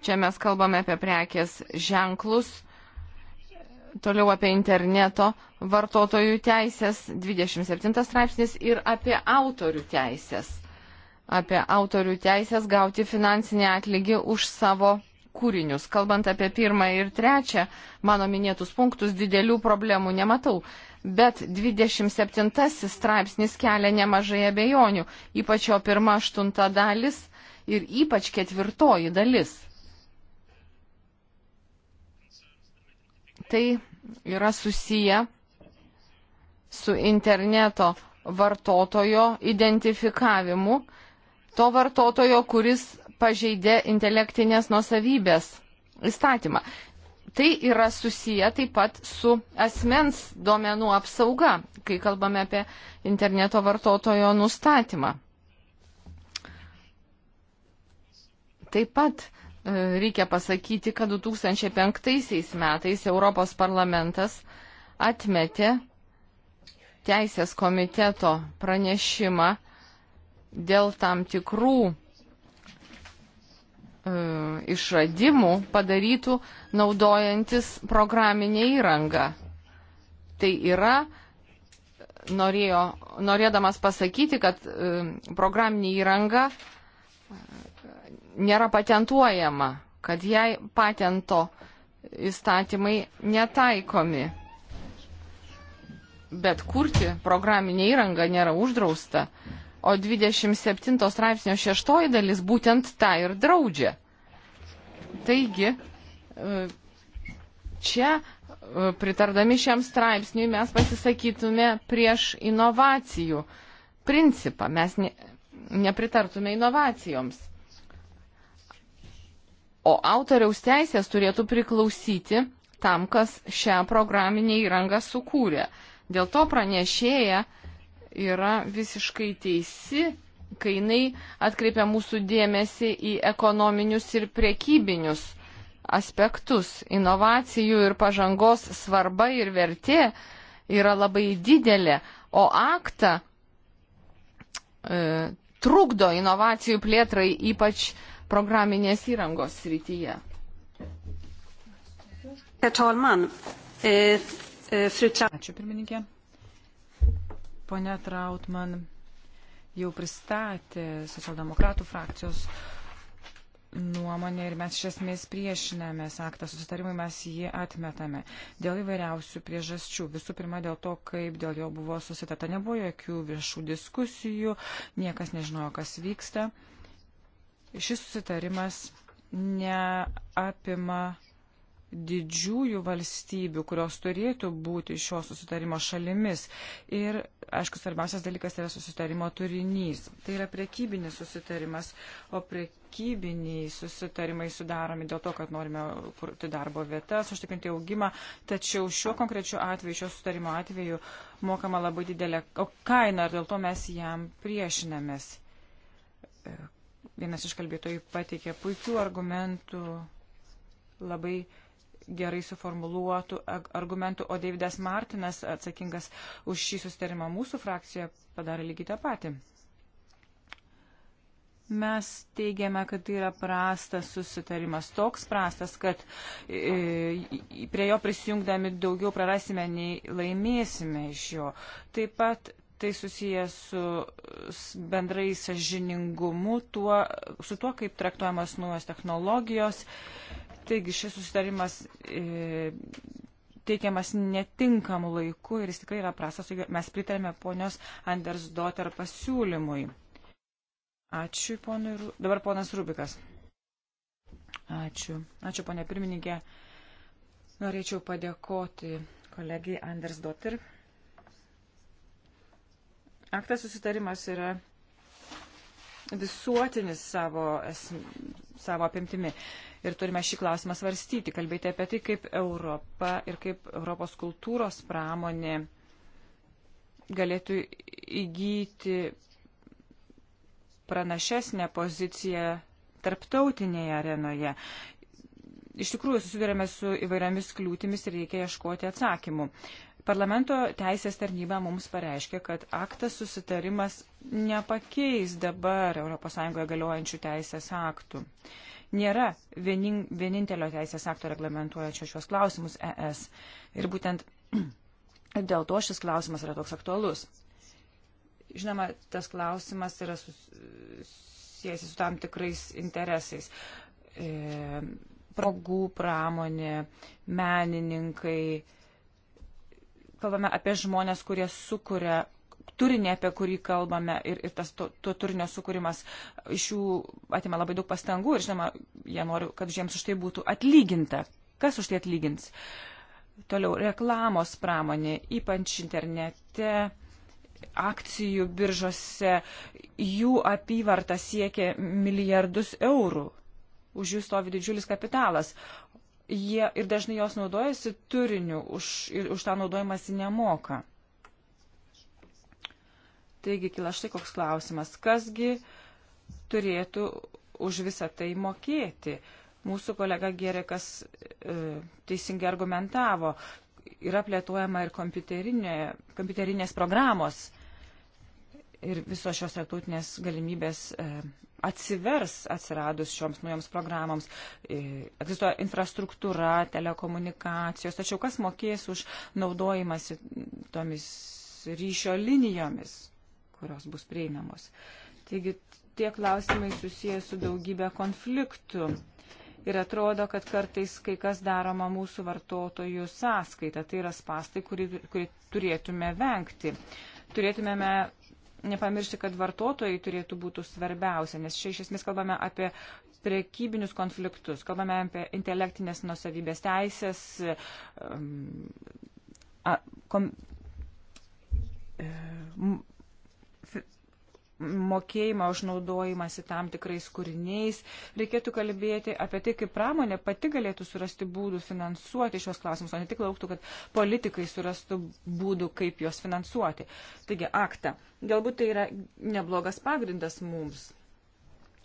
Speaker 2: Čia mes kalbame apie prekės ženklus, toliau apie interneto vartotojų teisės, 27 straipsnis ir apie autorių teisės. Apie autorių teisės gauti finansinį atlygį už savo kūrinius. Kalbant apie pirmą ir trečią, mano minėtus punktus, didelių problemų nematau bet 27 straipsnis kelia nemažai abejonių, ypač jo pirma aštunta dalis ir ypač ketvirtoji dalis. Tai yra susiję su interneto vartotojo identifikavimu, to vartotojo, kuris pažeidė intelektinės nusavybės įstatymą. Tai yra susiję taip pat su asmens duomenų apsauga, kai kalbame apie interneto vartotojo nustatymą. Taip pat e, reikia pasakyti, kad 2005 metais Europos parlamentas atmetė teisės komiteto pranešimą dėl tam tikrų E, išradimų padarytų naudojantis programinę įrangą. Tai yra, norėjo, norėdamas pasakyti, kad e, programinė įranga e, nėra patentuojama, kad jai patento įstatymai netaikomi. Bet kurti programinę įrangą nėra uždrausta. O 27 straipsnio šeštoji dalis būtent tą ir draudžia. Taigi, e, čia e, pritardami šiam straipsniui mes pasisakytume prieš inovacijų principą. Mes ne, nepritartume inovacijoms. O autoriaus teisės turėtų priklausyti tam, kas šią programinę įrangą sukūrė. Dėl to pranešėja uh, yra visiškai teisi, kai jinai atkreipia mūsų dėmesį į ekonominius ir priekybinius aspektus. Inovacijų ir pažangos svarba ir vertė yra labai didelė, o aktą e, trukdo inovacijų plėtrai ypač programinės įrangos srityje.
Speaker 3: Äh, äh, Ačiū pirmininkė. Pone Trautman jau pristatė socialdemokratų frakcijos nuomonė ir mes iš esmės priešinamės aktą susitarimui, mes jį atmetame dėl įvairiausių priežasčių. Visų pirma, dėl to, kaip dėl jo buvo susitata, nebuvo jokių viešų diskusijų, niekas nežinojo, kas vyksta. Šis susitarimas neapima didžiųjų valstybių, kurios turėtų būti šio susitarimo šalimis. Ir, aišku, svarbiausias dalykas yra susitarimo turinys. Tai yra prekybinis susitarimas, o prekybiniai susitarimai sudaromi dėl to, kad norime kurti darbo vietas, užtikrinti augimą, tačiau šiuo konkrečiu atveju, šio susitarimo atveju mokama labai didelė kaina ir dėl to mes jam priešinamės. E, vienas iš kalbėtojų pateikė puikių argumentų labai uh, gerai suformuluotų argumentų, o Davidas Martinas, atsakingas už šį sustarimą mūsų frakcijoje, padarė lygiai tą patį. Mes teigiame, kad tai yra prastas susitarimas, toks prastas, kad e, prie jo prisijungdami daugiau prarasime nei laimėsime iš jo. Taip pat tai susijęs su bendrai sažiningumu, tuo, su tuo, kaip traktuojamas naujos technologijos, Taigi šis susitarimas e, teikiamas netinkamu laiku ir jis tikrai yra prastas, mes pritarėme ponios Anders Dotter pasiūlymui. Ačiū, ponui. Dabar ponas Rubikas. Ačiū. Ačiū, ponė pirmininkė. Norėčiau padėkoti kolegijai Anders Dotter. Aktas susitarimas yra visuotinis savo, es, savo apimtimi ir turime šį klausimą svarstyti, kalbėti apie tai, kaip Europa ir kaip Europos kultūros pramonė galėtų įgyti pranašesnę poziciją tarptautinėje arenoje. Iš tikrųjų, susidurėme su įvairiamis kliūtimis ir reikia ieškoti atsakymų. Parlamento teisės tarnyba mums pareiškė, kad aktas susitarimas nepakeis dabar ES galiojančių teisės aktų nėra vienin, vienintelio teisės akto reglamentuojančio šios klausimus ES. Ir būtent dėl to šis klausimas yra toks aktualus. Žinoma, tas klausimas yra susijęs su tam tikrais interesais. E, progų pramonė, menininkai. Kalbame apie žmonės, kurie sukuria turinį, apie kurį kalbame ir, ir tas to, to turinio sukūrimas iš jų atima labai daug pastangų ir, žinoma, jie noriu, kad jiems už tai būtų atlyginta. Kas už tai atlygins? Toliau, reklamos pramonė, ypač internete, akcijų biržose, jų apyvarta siekia milijardus eurų. Už jų stovi didžiulis kapitalas. Jie ir dažnai jos naudojasi turiniu, už, už tą naudojimąsi nemoka. Taigi, kila štai koks klausimas, kasgi turėtų už visą tai mokėti. Mūsų kolega Gerekas e, teisingai argumentavo, yra plėtojama ir kompiuterinė, kompiuterinės programos ir visos šios tarptautinės galimybės e, atsivers atsiradus šioms naujoms programoms. E, egzistuoja infrastruktūra, telekomunikacijos, tačiau kas mokės už naudojimąsi tomis ryšio linijomis? kurios bus prieinamos. Taigi tie klausimai susiję su daugybė konfliktų. Ir atrodo, kad kartais kai kas daroma mūsų vartotojų sąskaita. Tai yra spastai, kurį, kurį turėtume vengti. Turėtumėme nepamiršti, kad vartotojai turėtų būti svarbiausia, nes čia iš esmės kalbame apie prekybinius konfliktus, kalbame apie intelektinės nusavybės teisės, um, a, kom, um, mokėjimą už naudojimąsi tam tikrais kūriniais. Reikėtų kalbėti apie tai, kaip pramonė pati galėtų surasti būdų finansuoti šios klausimus, o ne tik lauktų, kad politikai surastų būdų, kaip juos finansuoti. Taigi, aktą. Galbūt tai yra neblogas pagrindas mums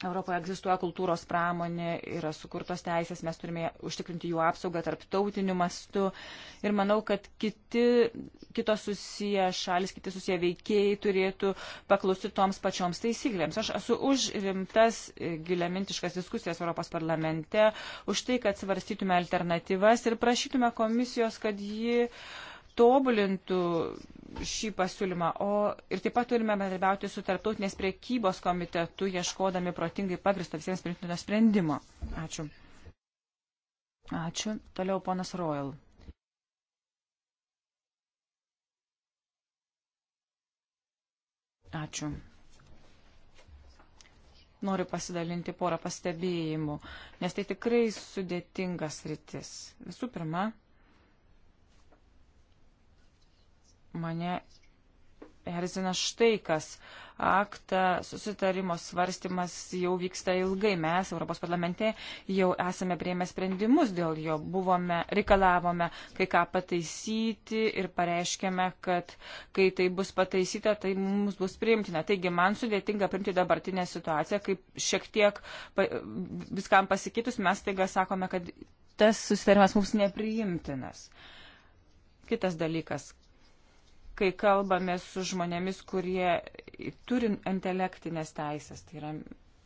Speaker 3: Europoje egzistuoja kultūros pramonė, yra sukurtos teisės, mes turime užtikrinti jų apsaugą tarptautiniu mastu. Ir manau, kad kiti, kitos susiję šalis, kiti susiję veikėjai turėtų paklusti toms pačioms taisyklėms. Aš esu už rimtas giliamintiškas diskusijas Europos parlamente, už tai, kad svarstytume alternatyvas ir prašytume komisijos, kad ji. Uh, tobulintų šį pasiūlymą. O ir taip pat turime bendradarbiauti su tarptautinės priekybos komitetu, ieškodami protingai pagristo visiems priimtino sprendimo. Ačiū. Ačiū. Toliau ponas Royal. Ačiū. Noriu pasidalinti porą pastebėjimų, nes tai tikrai sudėtingas rytis. Visų pirma, mane erzina štai kas. Akta susitarimo svarstymas jau vyksta ilgai. Mes Europos parlamente jau esame prieimę sprendimus dėl jo. Buvome, reikalavome kai ką pataisyti ir pareiškėme, kad kai tai bus pataisyta, tai mums bus priimtina. Taigi man sudėtinga priimti dabartinę situaciją, kaip šiek tiek pa, viskam pasikitus mes taiga sakome, kad tas susitarimas mums nepriimtinas. Kitas dalykas, kai kalbame su žmonėmis, kurie turi intelektinės teisės, tai yra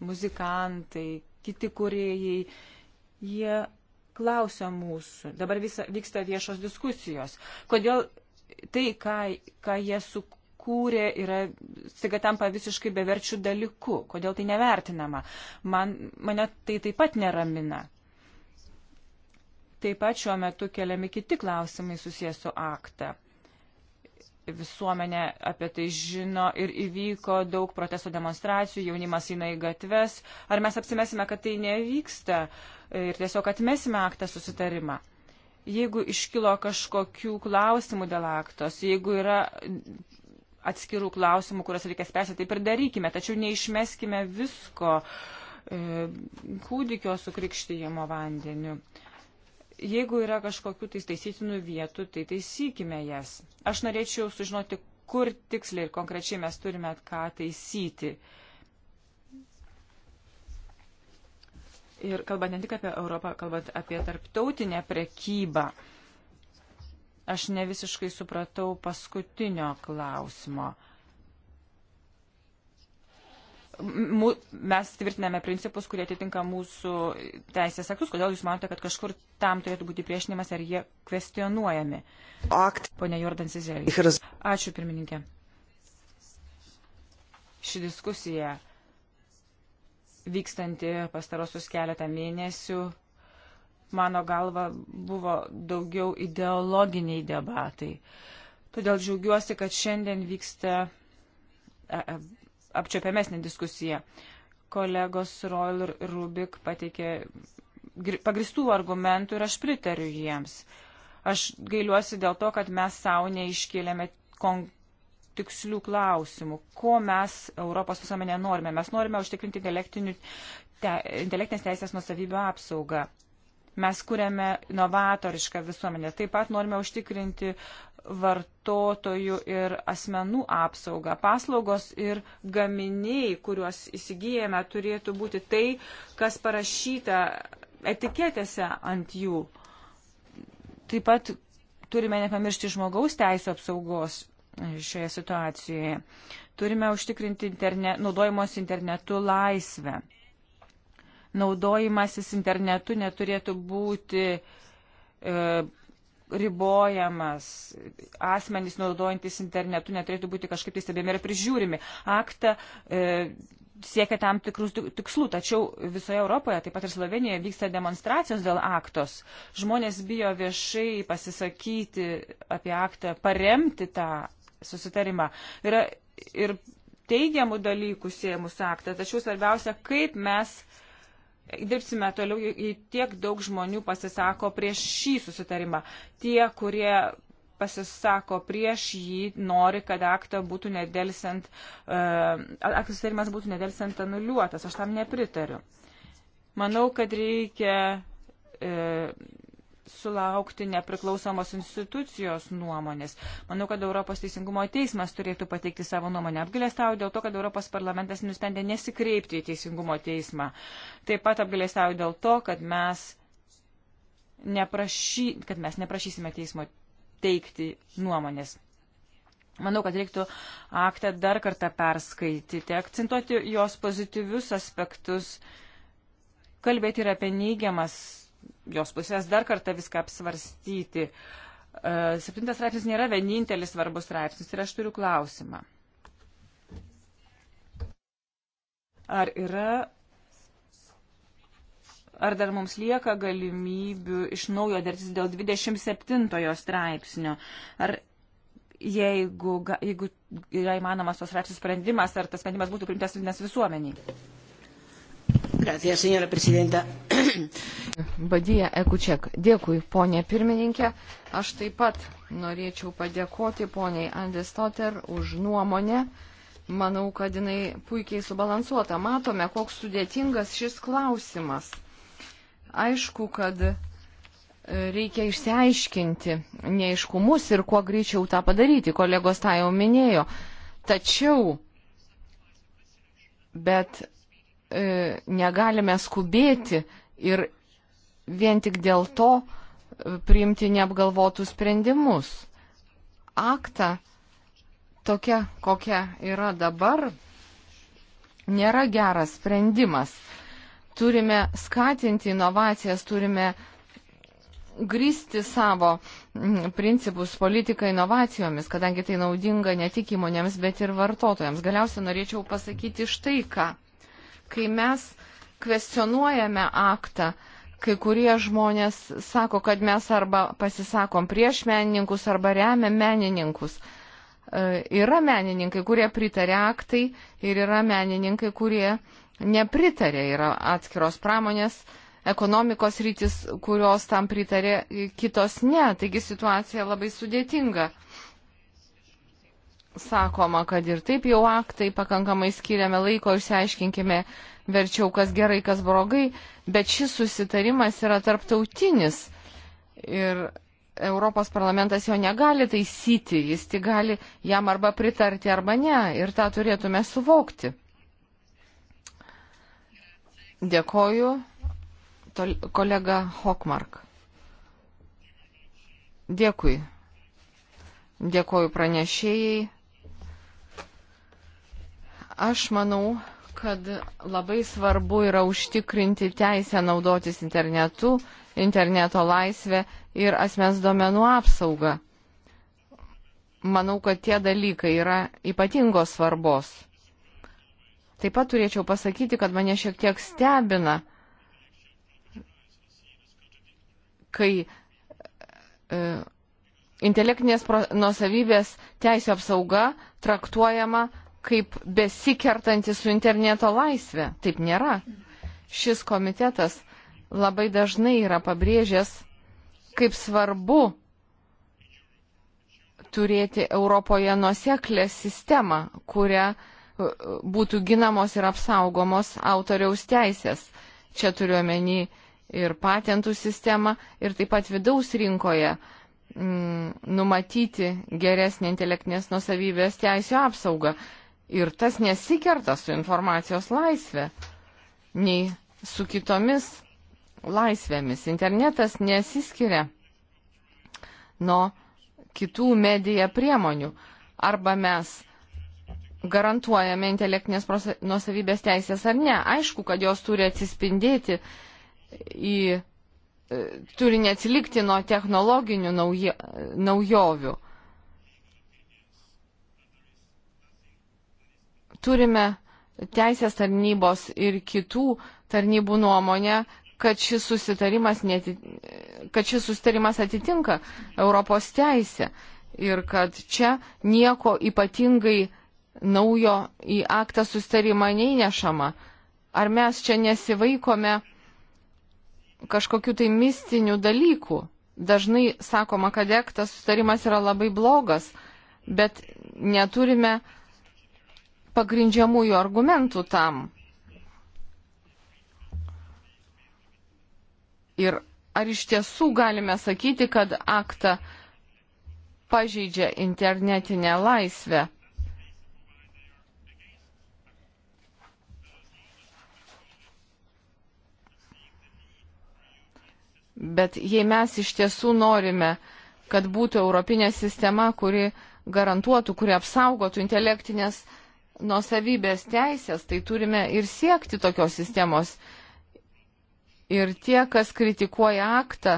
Speaker 3: muzikantai, kiti kuriejai, jie klausia mūsų. Dabar visa, vyksta viešos diskusijos. Kodėl tai, ką, ką jie sukūrė, yra, staiga tampa visiškai beverčių dalyku? Kodėl tai nevertinama? Man, mane tai taip pat neramina. Taip pat šiuo metu keliami kiti klausimai susijęs su aktą visuomenė apie tai žino ir įvyko daug protesto demonstracijų, jaunimas eina į gatves. Ar mes apsimesime, kad tai nevyksta ir tiesiog atmesime aktą susitarimą? Jeigu iškilo kažkokių klausimų dėl aktos, jeigu yra atskirų klausimų, kuriuos reikia spręsti, taip ir darykime, tačiau neišmeskime visko e, kūdikio sukrikštyjimo vandeniu jeigu yra kažkokių tais taisytinų vietų, tai taisykime jas. Aš norėčiau sužinoti, kur tiksliai ir konkrečiai mes turime ką taisyti. Ir kalbant ne tik apie Europą, kalbant apie tarptautinę prekybą, aš ne visiškai supratau paskutinio klausimo mes tvirtiname principus, kurie atitinka mūsų teisės aktus. Kodėl jūs manote, kad kažkur tam turėtų būti priešinimas, ar jie kvestionuojami? Akt. Pone Jordan Cizelė. Ačiū, pirmininkė. Ši diskusija vykstanti pastarosius keletą mėnesių, mano galva, buvo daugiau ideologiniai debatai. Todėl džiaugiuosi, kad šiandien vyksta e, e, apčiopiamesnė diskusija. Kolegos Royal ir Rubik pateikė pagristų argumentų ir aš pritariu jiems. Aš gailiuosi dėl to, kad mes savo neiškėlėme tikslių klausimų, ko mes Europos visuomenė norime. Mes norime užtikrinti te, intelektinės teisės nusavybio apsaugą. Mes kuriame novatorišką visuomenę. Taip pat norime užtikrinti vartotojų ir asmenų apsaugą. Paslaugos ir gaminiai, kuriuos įsigijame, turėtų būti tai, kas parašyta etiketėse ant jų. Taip pat turime nepamiršti žmogaus teisų apsaugos šioje situacijoje. Turime užtikrinti interne, naudojimos internetu laisvę. Naudojimasis internetu neturėtų būti e, ribojamas, asmenys naudojantis internetu neturėtų būti kažkaip tai stebėmi ir prižiūrimi. Akta e, siekia tam tikrus tikslų, tačiau visoje Europoje, taip pat ir Slovenijoje, vyksta demonstracijos dėl aktos. Žmonės bijo viešai pasisakyti apie aktą, paremti tą susitarimą. Yra ir teigiamų dalykų siejamų su aktą, tačiau svarbiausia, kaip mes dirbsime toliau, jei tiek daug žmonių pasisako prieš šį susitarimą. Tie, kurie pasisako prieš jį, nori, kad aktą būtų nedelsiant, uh, e, aktas susitarimas būtų nedelsiant anuliuotas. Aš tam nepritariu. Manau, kad reikia uh, sulaukti nepriklausomos institucijos nuomonės. Manau, kad Europos teisingumo teismas turėtų pateikti savo nuomonę. Apgailestauju dėl to, kad Europos parlamentas nusprendė nesikreipti į teisingumo teismą. Taip pat apgailestauju dėl to, kad mes, neprašy, kad mes neprašysime teismo teikti nuomonės. Manau, kad reiktų aktą dar kartą perskaityti, akcentuoti jos pozityvius aspektus, kalbėti ir apie neigiamas jos pusės dar kartą viską apsvarstyti. E, septintas straipsnis nėra vienintelis svarbus straipsnis ir aš turiu klausimą. Ar yra. Ar dar mums lieka galimybių iš naujo dertis dėl 27 straipsnio? Ar jeigu, jeigu yra įmanomas tos straipsnių sprendimas, ar tas sprendimas būtų priimtas visuomeniai? Gracias, señora prezidenta.
Speaker 2: Badija Ekučiak, dėkui, ponė pirmininkė. Aš taip pat norėčiau padėkoti poniai Andestoter už nuomonę. Manau, kad jinai puikiai subalansuota. Matome, koks sudėtingas šis klausimas. Aišku, kad e, reikia išsiaiškinti neiškumus ir kuo greičiau tą padaryti. Kolegos tą jau minėjo. Tačiau, bet E, negalime skubėti ir vien tik dėl to e, priimti neapgalvotus sprendimus. Akta tokia, kokia yra dabar, nėra geras sprendimas. Turime skatinti inovacijas, turime grįsti savo principus politiką inovacijomis, kadangi tai naudinga ne tik įmonėms, bet ir vartotojams. Galiausiai norėčiau pasakyti štai ką. Kai mes kvestionuojame aktą, kai kurie žmonės sako, kad mes arba pasisakom prieš menininkus, arba remiam menininkus. E, yra menininkai, kurie pritarė aktai ir yra menininkai, kurie nepritarė. Yra atskiros pramonės, ekonomikos rytis, kurios tam pritarė, kitos ne. Taigi situacija labai sudėtinga sakoma, kad ir taip jau aktai pakankamai skiriame laiko, išsiaiškinkime verčiau, kas gerai, kas blogai, bet šis susitarimas yra tarptautinis ir Europos parlamentas jo negali taisyti, jis tik gali jam arba pritarti arba ne ir tą turėtume suvokti. Dėkoju, Tol kolega Hokmark. Dėkui. Dėkoju pranešėjai. Aš manau, kad labai svarbu yra užtikrinti teisę naudotis internetu, interneto laisvę ir asmens duomenų apsaugą. Manau, kad tie dalykai yra ypatingos svarbos. Taip pat turėčiau pasakyti, kad mane šiek tiek stebina, kai e, intelektinės nusavybės teisų apsauga traktuojama kaip besikertanti su interneto laisvė. Taip nėra. Šis komitetas labai dažnai yra pabrėžęs, kaip svarbu turėti Europoje nuseklę sistemą, kuria e, būtų ginamos ir apsaugomos autoriaus teisės. Čia turiuomenį ir patentų sistemą, ir taip pat vidaus rinkoje mm, numatyti geresnį intelektinės nusavybės teisų apsaugą ir tas nesikerta su informacijos laisvė, nei su kitomis laisvėmis. Internetas nesiskiria nuo kitų medija priemonių. Arba mes garantuojame intelektinės nuosavybės teisės ar ne. Aišku, kad jos turi atsispindėti į, e, turi neatsilikti nuo technologinių nauji, naujovių. turime teisės tarnybos ir kitų tarnybų nuomonę, kad šis susitarimas, neti, kad šis susitarimas atitinka Europos teisę ir kad čia nieko ypatingai naujo į aktą susitarimą neįnešama. Ar mes čia nesivaikome kažkokiu tai mistiniu dalyku? Dažnai sakoma, kad aktas susitarimas yra labai blogas, bet neturime uh, pagrindžiamųjų argumentų tam. Ir ar iš tiesų galime sakyti, kad aktą pažeidžia internetinę laisvę? Bet jei mes iš tiesų norime, kad būtų europinė sistema, kuri garantuotų, kuri apsaugotų intelektinės nuosavybės teisės, tai turime ir siekti tokios sistemos. Ir tie, kas kritikuoja aktą,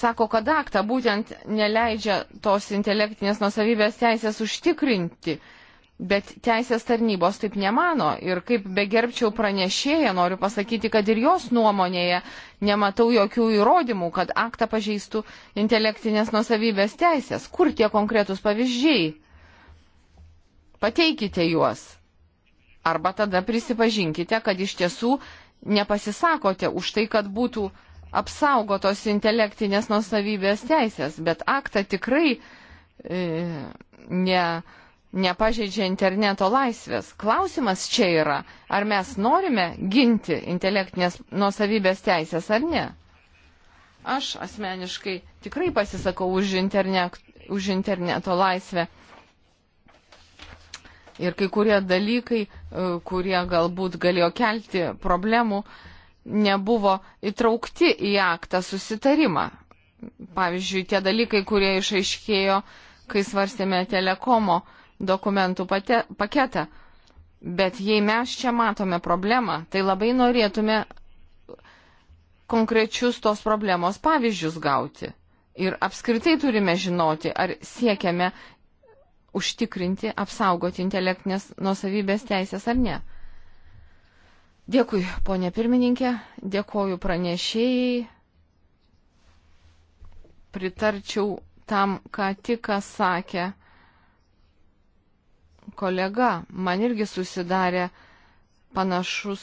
Speaker 2: sako, kad aktą būtent neleidžia tos intelektinės nuosavybės teisės užtikrinti. Bet teisės tarnybos taip nemano ir kaip begerbčiau pranešėją, noriu pasakyti, kad ir jos nuomonėje nematau jokių įrodymų, kad aktą pažeistų intelektinės nusavybės teisės. Kur tie konkretūs pavyzdžiai? pateikite juos. Arba tada prisipažinkite, kad iš tiesų nepasisakote už tai, kad būtų apsaugotos intelektinės nusavybės teisės, bet aktą tikrai e, ne, nepažeidžia interneto laisvės. Klausimas čia yra, ar mes norime ginti intelektinės nusavybės teisės ar ne. Aš asmeniškai tikrai pasisakau už, internet, už interneto laisvę Ir kai kurie dalykai, e, kurie galbūt galėjo kelti problemų, nebuvo įtraukti į aktą susitarimą. Pavyzdžiui, tie dalykai, kurie išaiškėjo, kai svarstėme telekomo dokumentų pate, paketą. Bet jei mes čia matome problemą, tai labai norėtume konkrečius tos problemos pavyzdžius gauti. Ir apskritai turime žinoti, ar siekiame užtikrinti, apsaugoti intelektinės nuosavybės teisės ar ne. Dėkui, ponė pirmininkė, dėkoju pranešėjai, pritarčiau tam, ką tik sakė kolega. Man irgi susidarė panašus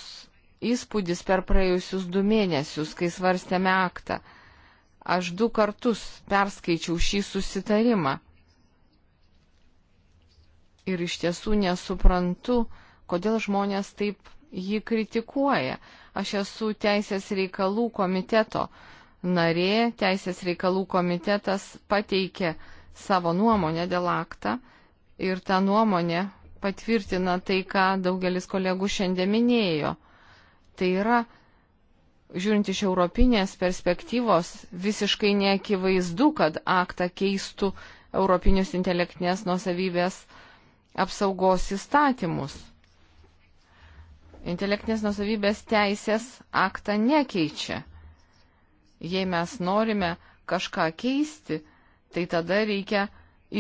Speaker 2: įspūdis per praėjusius du mėnesius, kai svarstėme aktą. Aš du kartus perskaičiau šį susitarimą Ir iš tiesų nesuprantu, kodėl žmonės taip jį kritikuoja. Aš esu Teisės reikalų komiteto narė, Teisės reikalų komitetas pateikė savo nuomonę dėl aktą ir ta nuomonė patvirtina tai, ką daugelis kolegų šiandien minėjo. Tai yra, žiūrint iš europinės perspektyvos, visiškai neakivaizdu, kad aktą keistų Europinius intelektinės nusavybės uh, apsaugos įstatymus. Intelektinės nusavybės teisės aktą nekeičia. Jei mes norime kažką keisti, tai tada reikia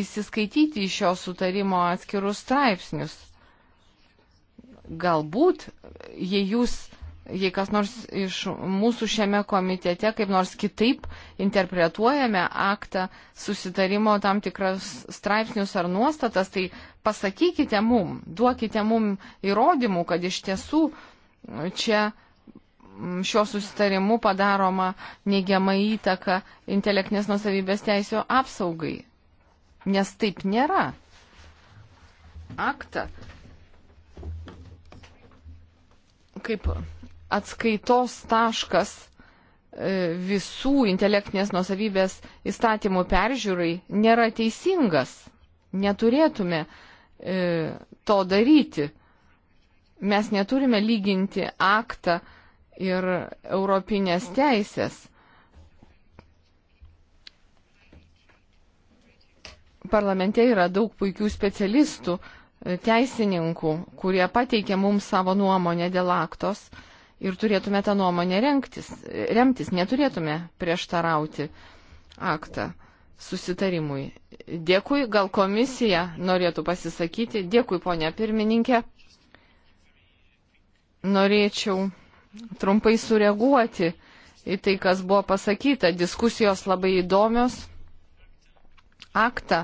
Speaker 2: įsiskaityti iš šio sutarimo atskirus straipsnius. Galbūt, jei jūs jei kas nors iš mūsų šiame komitete kaip nors kitaip interpretuojame aktą susitarimo tam tikras straipsnius ar nuostatas, tai pasakykite mum, duokite mum įrodymų, kad iš tiesų čia mm, šio susitarimu padaroma neigiama įtaka intelektinės nusavybės teisio apsaugai. Nes taip nėra. Aktą. Kaip atskaitos taškas e, visų intelektinės nusavybės įstatymų peržiūrai nėra teisingas. Neturėtume e, to daryti. Mes neturime lyginti aktą ir europinės teisės. Parlamente yra daug puikių specialistų, e, teisininkų, kurie pateikė mums savo nuomonę dėl aktos. Uh, ir turėtume tą nuomonę renktis, remtis, neturėtume prieštarauti aktą susitarimui. Dėkui, gal komisija norėtų pasisakyti. Dėkui, ponia pirmininkė. Norėčiau trumpai sureaguoti į tai, kas buvo pasakyta. Diskusijos labai įdomios. Akta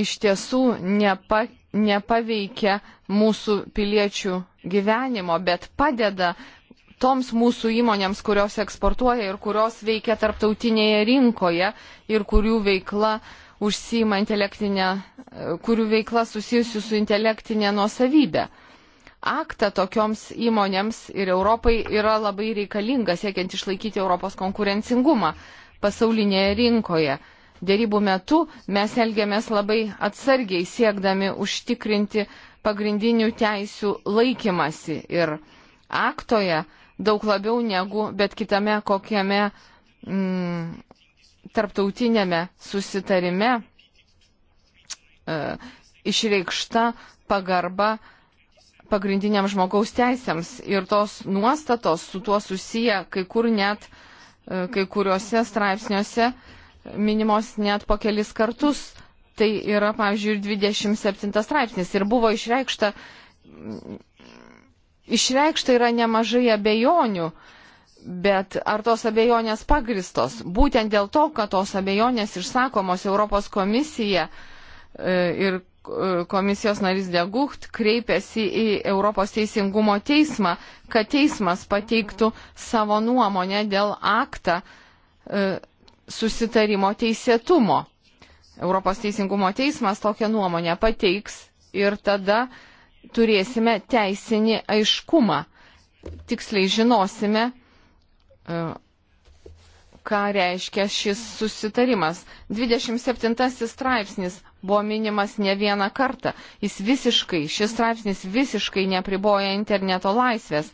Speaker 2: iš tiesų nepa, nepaveikia mūsų piliečių gyvenimo, bet padeda toms mūsų įmonėms, kurios eksportuoja ir kurios veikia tarptautinėje rinkoje ir kurių veikla užsima intelektinę, kurių veikla susijusi su intelektinė nuosavybė. Akta tokioms įmonėms ir Europai yra labai reikalinga siekiant išlaikyti Europos konkurencingumą pasaulinėje rinkoje. Dėrybų metu mes elgiamės labai atsargiai siekdami užtikrinti pagrindinių teisių laikymasi ir aktoje daug labiau negu bet kitame kokiame mm, tarptautinėme susitarime e, išreikšta pagarba pagrindiniam žmogaus teisėms ir tos nuostatos su tuo susiję kai kur net, e, kai kuriuose straipsniuose minimos net po kelis kartus. Tai yra, pavyzdžiui, ir 27 straipsnis. Ir buvo išreikšta, išreikšta yra nemažai abejonių, bet ar tos abejonės pagristos? Būtent dėl to, kad tos abejonės išsakomos Europos komisija e, ir e, komisijos narys Degucht kreipėsi į Europos teisingumo teismą, kad teismas pateiktų savo nuomonę dėl aktą e, susitarimo teisėtumo. Europos teisingumo teismas tokią nuomonę pateiks ir tada turėsime teisinį aiškumą. Tiksliai žinosime, e, ką reiškia šis susitarimas. 27 straipsnis buvo minimas ne vieną kartą. Jis visiškai, šis straipsnis visiškai nepriboja interneto laisvės.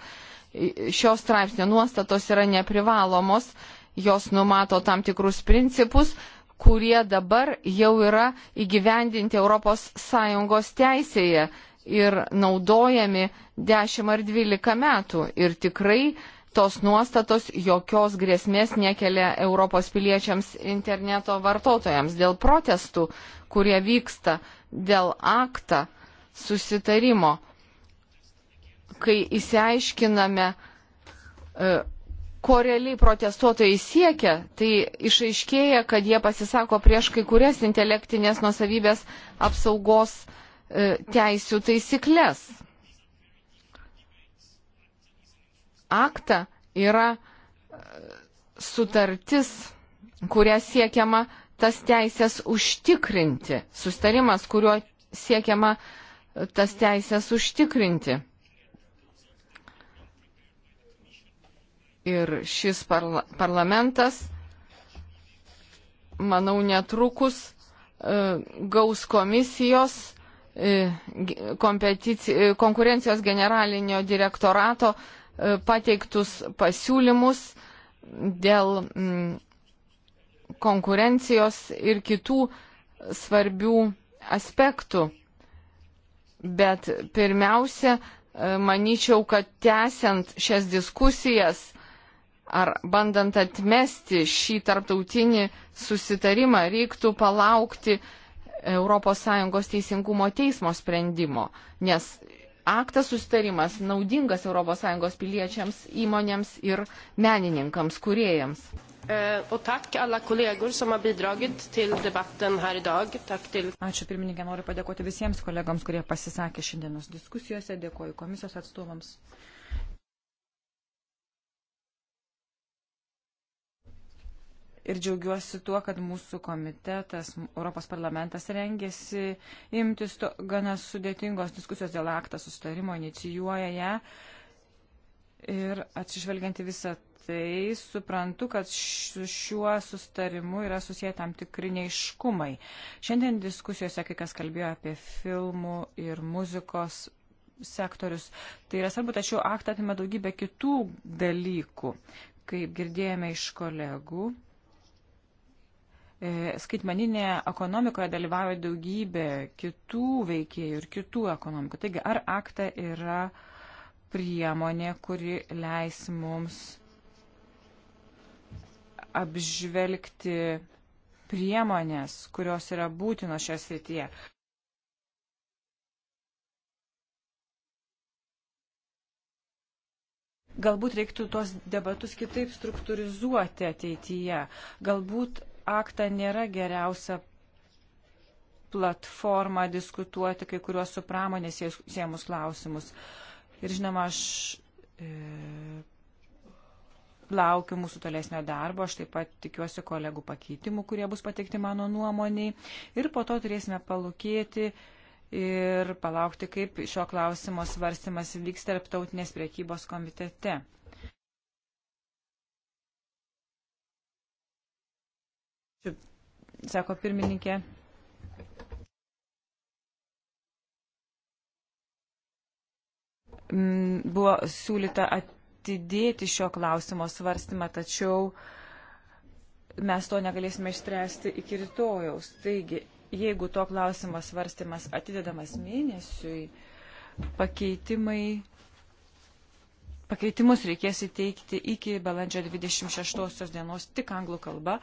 Speaker 2: Šios straipsnio nuostatos yra neprivalomos, jos numato tam tikrus principus, kurie dabar jau yra įgyvendinti ES teisėje ir naudojami 10 ar 12 metų. Ir tikrai tos nuostatos jokios grėsmės nekelia Europos piliečiams interneto vartotojams dėl protestų, kurie vyksta dėl aktą susitarimo. Kai įsiaiškiname, e, ko realiai protestuotojai siekia, tai išaiškėja, kad jie pasisako prieš kai kurias intelektinės nusavybės apsaugos e, teisių taisyklės. Akta yra e, sutartis, kurią siekiama tas teisės užtikrinti, sustarimas, kuriuo siekiama e, tas teisės užtikrinti. ir šis parla parlamentas, manau, netrukus e, gaus komisijos e, e konkurencijos generalinio direktorato e, pateiktus pasiūlymus dėl m, mm, konkurencijos ir kitų svarbių aspektų. Bet pirmiausia, e, manyčiau, kad tęsiant šias diskusijas ar bandant atmesti šį tarptautinį susitarimą, reiktų palaukti ES teisingumo teismo sprendimo, nes aktas susitarimas naudingas ES piliečiams, įmonėms ir menininkams, kuriejams.
Speaker 3: Eh, Ačiū pirmininkė, noriu padėkoti visiems kolegams, kurie pasisakė šiandienos diskusijose, dėkoju komisijos atstovams. ir džiaugiuosi tuo, kad mūsų komitetas, Europos parlamentas rengėsi imtis to, gana sudėtingos diskusijos dėl aktą sustarimo, inicijuoja ją. Ir atsižvelgianti visą tai, suprantu, kad su šiuo sustarimu yra susiję tam tikri neiškumai. Šiandien diskusijose kai kas kalbėjo apie filmų ir muzikos sektorius. Tai yra svarbu, tačiau aktą atima daugybę kitų dalykų. Kaip girdėjome iš kolegų, E, skaitmaninėje ekonomikoje dalyvauja daugybė kitų veikėjų ir kitų ekonomikų. Taigi, ar akta yra priemonė, kuri leis mums apžvelgti priemonės, kurios yra būtino šią srityje. Galbūt reiktų tos debatus kitaip struktūrizuoti ateityje. Galbūt aktą nėra geriausia platforma diskutuoti kai kuriuos su pramonės siemus klausimus. Ir žinoma, aš e, laukiu mūsų tolesnio darbo, aš taip pat tikiuosi kolegų pakeitimų, kurie bus pateikti mano nuomoniai. Ir po to turėsime palūkėti ir palaukti, kaip šio klausimo svarstymas vyks tarptautinės priekybos komitete. sako pirmininkė. Mm, buvo siūlyta atidėti šio klausimo svarstymą, tačiau mes to negalėsime išspręsti iki rytojaus. Taigi, jeigu to klausimo svarstymas atidedamas mėnesiui, pakeitimai Pakeitimus reikės įteikti iki balandžio 26 dienos tik anglų kalba,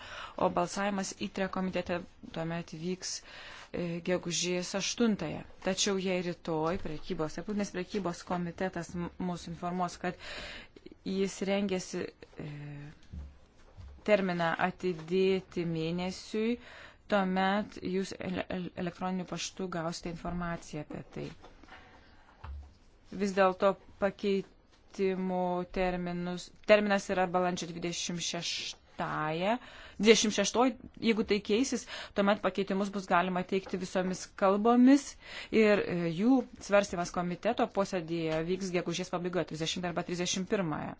Speaker 3: o balsavimas įtre komitete tuomet vyks e, gegužės 8. Tačiau jei rytoj prekybos, apūtinės prekybos komitetas mūsų informuos, kad jis rengėsi e, terminą atidėti mėnesiui, tuomet jūs elektroniniu paštu gausite informaciją apie tai. Vis dėlto pakeit pakeitimų terminus, terminas yra balandžio 26. 26, jeigu tai keisis, tuomet pakeitimus bus galima teikti visomis kalbomis ir e, jų svarstymas komiteto posėdėje vyks gegužės pabaigoje 30 arba 31.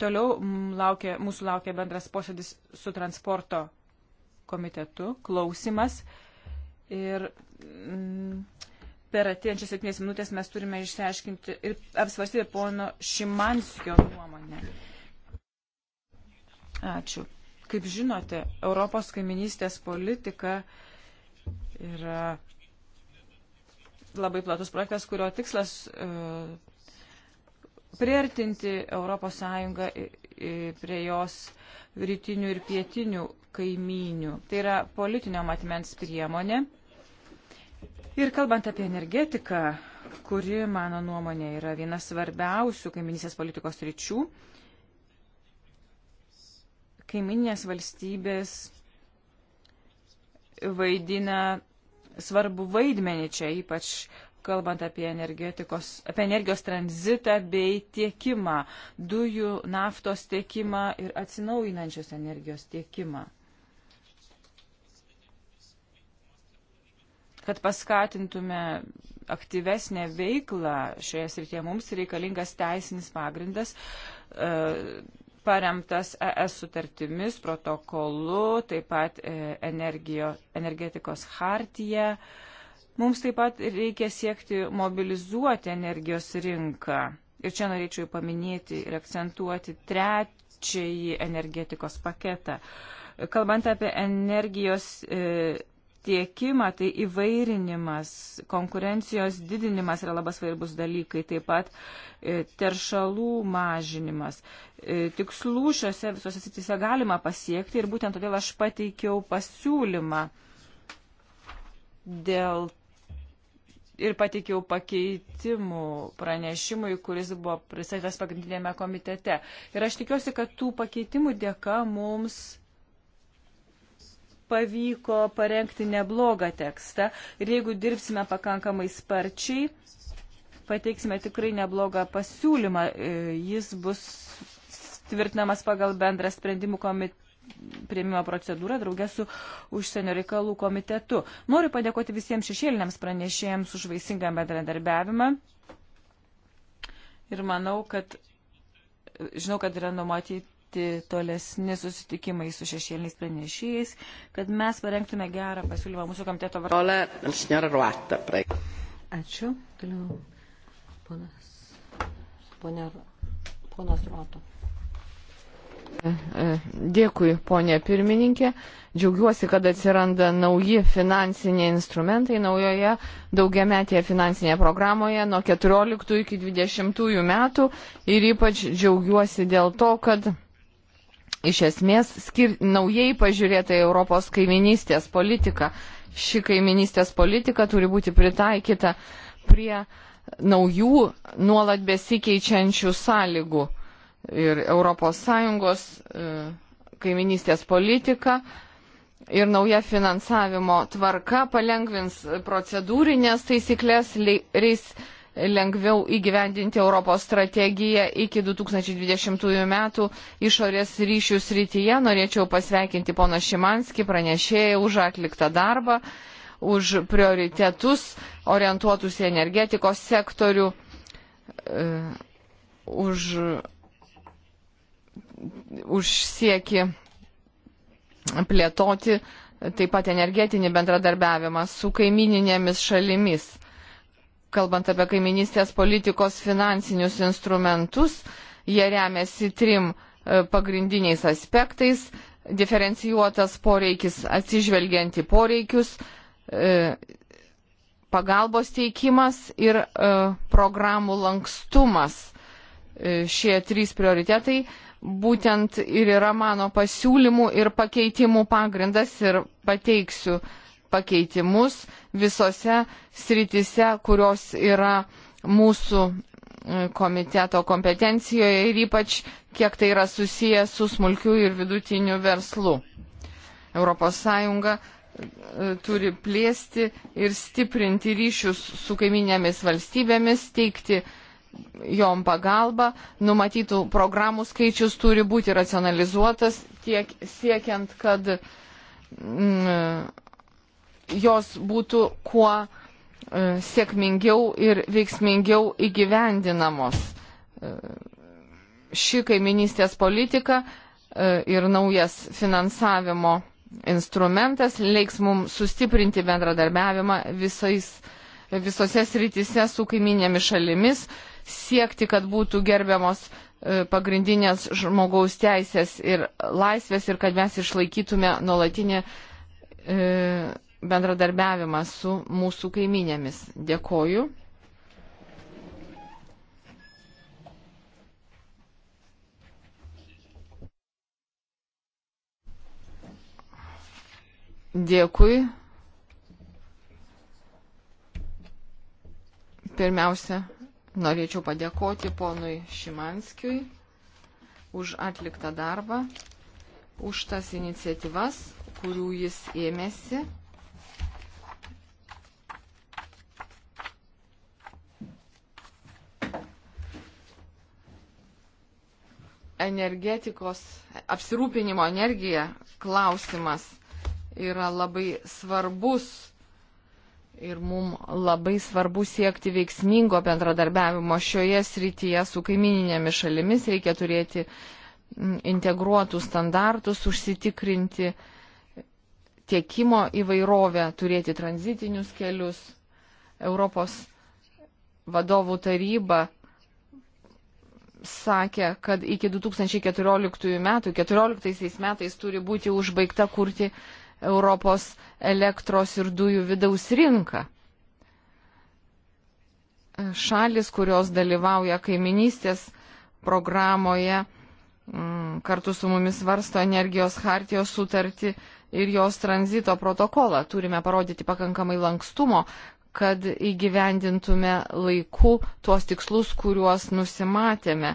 Speaker 3: Toliau laukia, mūsų laukia bendras posėdis su transporto komitetu, klausimas ir. Mm, per atėjančias septynės minutės mes turime išsiaiškinti ir apsvarstyti pono Šimanskio nuomonę. Ačiū. Kaip žinote, Europos kaiminystės politika yra labai platus projektas, kurio tikslas uh, priartinti Europos Sąjungą prie jos rytinių ir pietinių kaimynių. Tai yra politinio matmens priemonė. Uh, Ir kalbant apie energetiką, kuri, mano nuomonė, yra viena svarbiausių kaiminysės politikos ryčių, kaiminės valstybės vaidina svarbu vaidmenį čia, ypač kalbant apie, apie energijos tranzitą bei tiekimą, dujų, naftos tiekimą ir atsinaujinančios energijos tiekimą. Kad paskatintume aktyvesnę veiklą šioje srityje, mums reikalingas teisinis pagrindas e, paremtas ES sutartimis, protokolu, taip pat e, energijo, energetikos hartyje. Mums taip pat reikia siekti mobilizuoti energijos rinką. Ir čia norėčiau paminėti ir akcentuoti trečiąjį energetikos paketą. Kalbant apie energijos e, tiekimą, tai įvairinimas, konkurencijos didinimas yra labai svarbus dalykai, taip pat e, teršalų mažinimas. E, tikslų šiuose visose sitise galima pasiekti ir būtent todėl aš pateikiau pasiūlymą dėl ir pateikiau pakeitimų pranešimui, kuris buvo pristatytas pagrindinėme komitete. Ir aš tikiuosi, kad tų pakeitimų dėka mums pavyko parengti neblogą tekstą ir jeigu dirbsime pakankamai sparčiai, pateiksime tikrai neblogą pasiūlymą. E, jis bus tvirtinamas pagal bendrą sprendimų komitetą prieimimo procedūrą draugę su užsienio reikalų komitetu. Noriu padėkoti visiems šešėliniams pranešėjams už vaisingą bendradarbiavimą. Ir manau, kad žinau, kad yra numatyti numatyti tolesni susitikimai su šešėliniais pranešėjais, kad mes parengtume gerą pasiūlymą mūsų komiteto
Speaker 4: vartotojai. Ačiū. Galiu. Ponas. Ponė, ponas Ruoto.
Speaker 2: E, e, dėkui, ponė pirmininkė. Džiaugiuosi, kad atsiranda nauji finansiniai instrumentai naujoje daugiametėje finansinėje programoje nuo 14 iki 20 metų ir ypač džiaugiuosi dėl to, kad iš esmės skir... naujai pažiūrėta į Europos kaiminystės politiką. Ši kaiminystės politika turi būti pritaikyta prie naujų nuolat besikeičiančių sąlygų. Ir ES e, kaiminystės politika ir nauja finansavimo tvarka palengvins procedūrinės taisyklės, leis lengviau įgyvendinti Europos strategiją iki 2020 metų išorės ryšių srityje. Norėčiau pasveikinti pono Šimanski pranešėją už atliktą darbą, už prioritetus orientuotus į energetikos sektorių, e, už, už sieki plėtoti taip pat energetinį bendradarbiavimą su kaimininėmis šalimis kalbant apie kaiminystės politikos finansinius instrumentus, jie remiasi trim e, pagrindiniais aspektais - diferencijuotas poreikis atsižvelgiant į poreikius, e, pagalbos teikimas ir e, programų lankstumas. Šie trys prioritetai būtent ir yra mano pasiūlymų ir pakeitimų pagrindas ir pateiksiu uh, pakeitimus visose sritise, kurios yra mūsų e, komiteto kompetencijoje ir ypač kiek tai yra susijęs su smulkiu ir vidutiniu verslu. ES e, turi plėsti ir stiprinti ryšius su kaiminėmis valstybėmis, teikti jom pagalbą, numatytų programų skaičius turi būti racionalizuotas, tiek siekiant, kad mm, jos būtų kuo e, sėkmingiau ir veiksmingiau įgyvendinamos. E, ši kaiminystės politika e, ir naujas finansavimo instrumentas leiks mums sustiprinti bendradarbiavimą visais, visose srityse su kaiminėmis šalimis, siekti, kad būtų gerbiamos pagrindinės žmogaus teisės ir laisvės ir kad mes išlaikytume nuolatinį e, bendradarbiavimą su mūsų kaiminėmis. Dėkoju. Dėkui. Pirmiausia, norėčiau padėkoti ponui Šimanskijui už atliktą darbą, už tas iniciatyvas, kurių jis ėmėsi. energetikos apsirūpinimo energija klausimas yra labai svarbus ir mums labai svarbu siekti veiksmingo bendradarbiavimo šioje srityje su kaimininėmis šalimis. Reikia turėti integruotus standartus, užsitikrinti tiekimo įvairovę, turėti tranzitinius kelius. Europos vadovų taryba sakė, kad iki 2014 metų, 2014 metais turi būti užbaigta kurti Europos elektros ir dujų vidaus rinką. Šalis, kurios dalyvauja kaiminystės programoje, mm, kartu su mumis varsto energijos hartijos sutartį ir jos tranzito protokolą. Turime parodyti pakankamai lankstumo, kad įgyvendintume laiku tuos tikslus, kuriuos nusimatėme.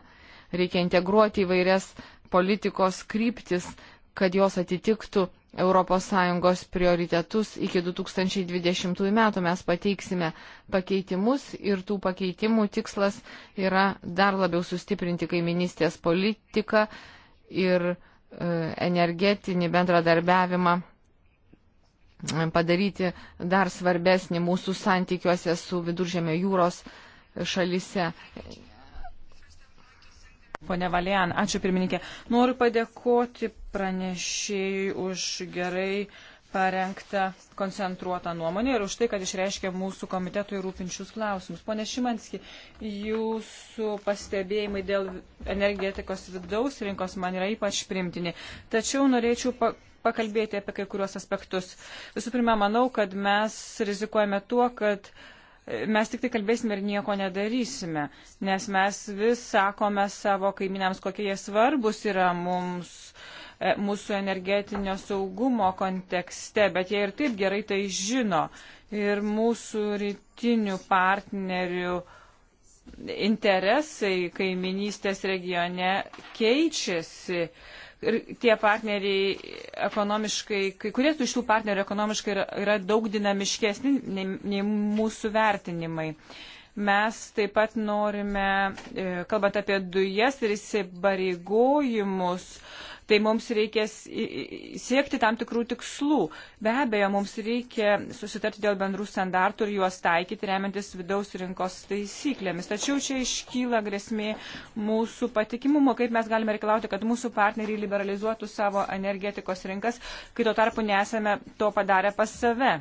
Speaker 2: Reikia integruoti įvairias politikos kryptis, kad jos atitiktų ES prioritetus iki 2020 metų. Mes pateiksime pakeitimus ir tų pakeitimų tikslas yra dar labiau sustiprinti kaiminystės politiką ir e, energetinį bendradarbiavimą padaryti dar svarbesnį mūsų santykiuose
Speaker 3: su viduržėmio jūros šalise. Pone Valian, ačiū pirmininkė. Noriu padėkoti pranešėjai už gerai parengtą koncentruotą nuomonę ir už tai, kad išreiškė mūsų komitetui rūpinčius klausimus. Pone Šimanski, jūsų pastebėjimai dėl energetikos vidaus rinkos man yra ypač primtini. Tačiau norėčiau pa pakalbėti apie kai kuriuos aspektus. Visų pirma, manau, kad mes rizikuojame tuo, kad mes tik tai kalbėsime ir nieko nedarysime, nes mes vis sakome savo kaiminiams, kokie jie svarbus yra mums e, mūsų energetinio saugumo kontekste, bet jie ir taip gerai tai žino. Ir mūsų rytinių partnerių interesai kaiminystės regione keičiasi. Uh, ir tie partneriai ekonomiškai, kai kurie iš tų partnerių ekonomiškai yra, yra daug dinamiškesni nei, nei mūsų vertinimai. Mes taip pat norime, e, kalbant apie dujas ir įsibareigojimus, uh, tai mums reikės siekti tam tikrų tikslų. Be abejo, mums reikia susitarti dėl bendrų standartų ir juos taikyti, remiantis vidaus rinkos taisyklėmis. Tačiau čia iškyla grėsmė mūsų patikimumo, kaip mes galime reikalauti, kad mūsų partneriai liberalizuotų savo energetikos rinkas, kai tuo tarpu nesame to padarę pas save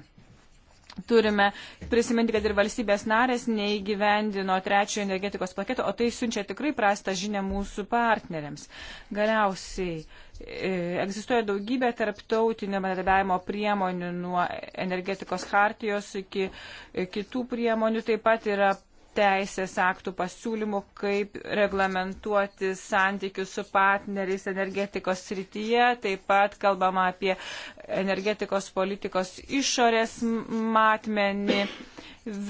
Speaker 3: turime prisiminti, kad ir valstybės narės neįgyvendino trečiojo energetikos paketo, o tai siunčia tikrai prastą žinę mūsų partneriams. Galiausiai e, egzistuoja daugybė tarptautinio bendradarbiavimo priemonių nuo energetikos hartijos iki e, kitų priemonių. Taip pat yra teisės aktų pasiūlymų, kaip reglamentuoti santykius su partneriais energetikos srityje. Taip pat kalbama apie energetikos politikos išorės matmenį.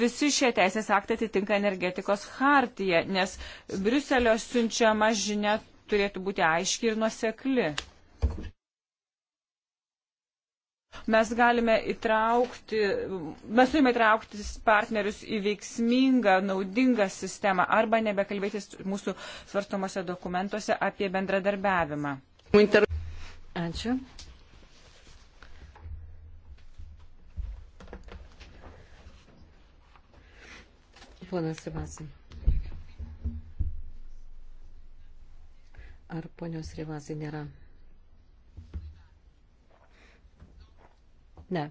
Speaker 3: Visi šie teisės aktai atitinka energetikos hartiją, nes Briuselio siunčiama žinia turėtų būti aiški ir nuosekli. Mes galime įtraukti, mes turime įtraukti partnerius į veiksmingą, naudingą sistemą arba nebekalbėti mūsų svarstomose dokumentuose apie bendradarbiavimą. Ačiū.
Speaker 4: Ponas Rivasi. Ar ponios Rivasi nėra? Ne,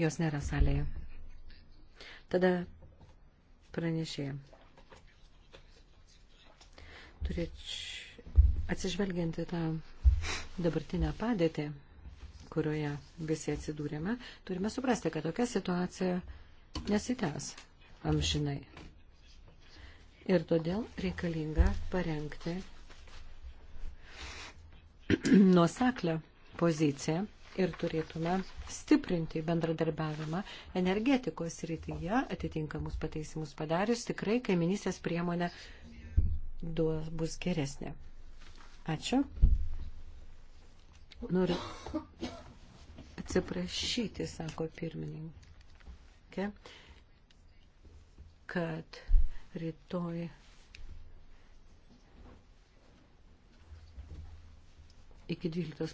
Speaker 4: jos nėra salėje. Tada pranešėjai. Turėčiau atsižvelgianti tą dabartinę padėtį, kurioje visi atsidūrėme, turime suprasti, kad tokia situacija nesitęs amžinai. Ir todėl reikalinga parengti nuoseklę poziciją ir turėtume stiprinti bendradarbiavimą energetikos rytyje, atitinkamus pateisimus padarius, tikrai kaiminysės priemonė duos, bus geresnė. Ačiū. Noriu atsiprašyti, sako pirmininkė, kad rytoj iki 12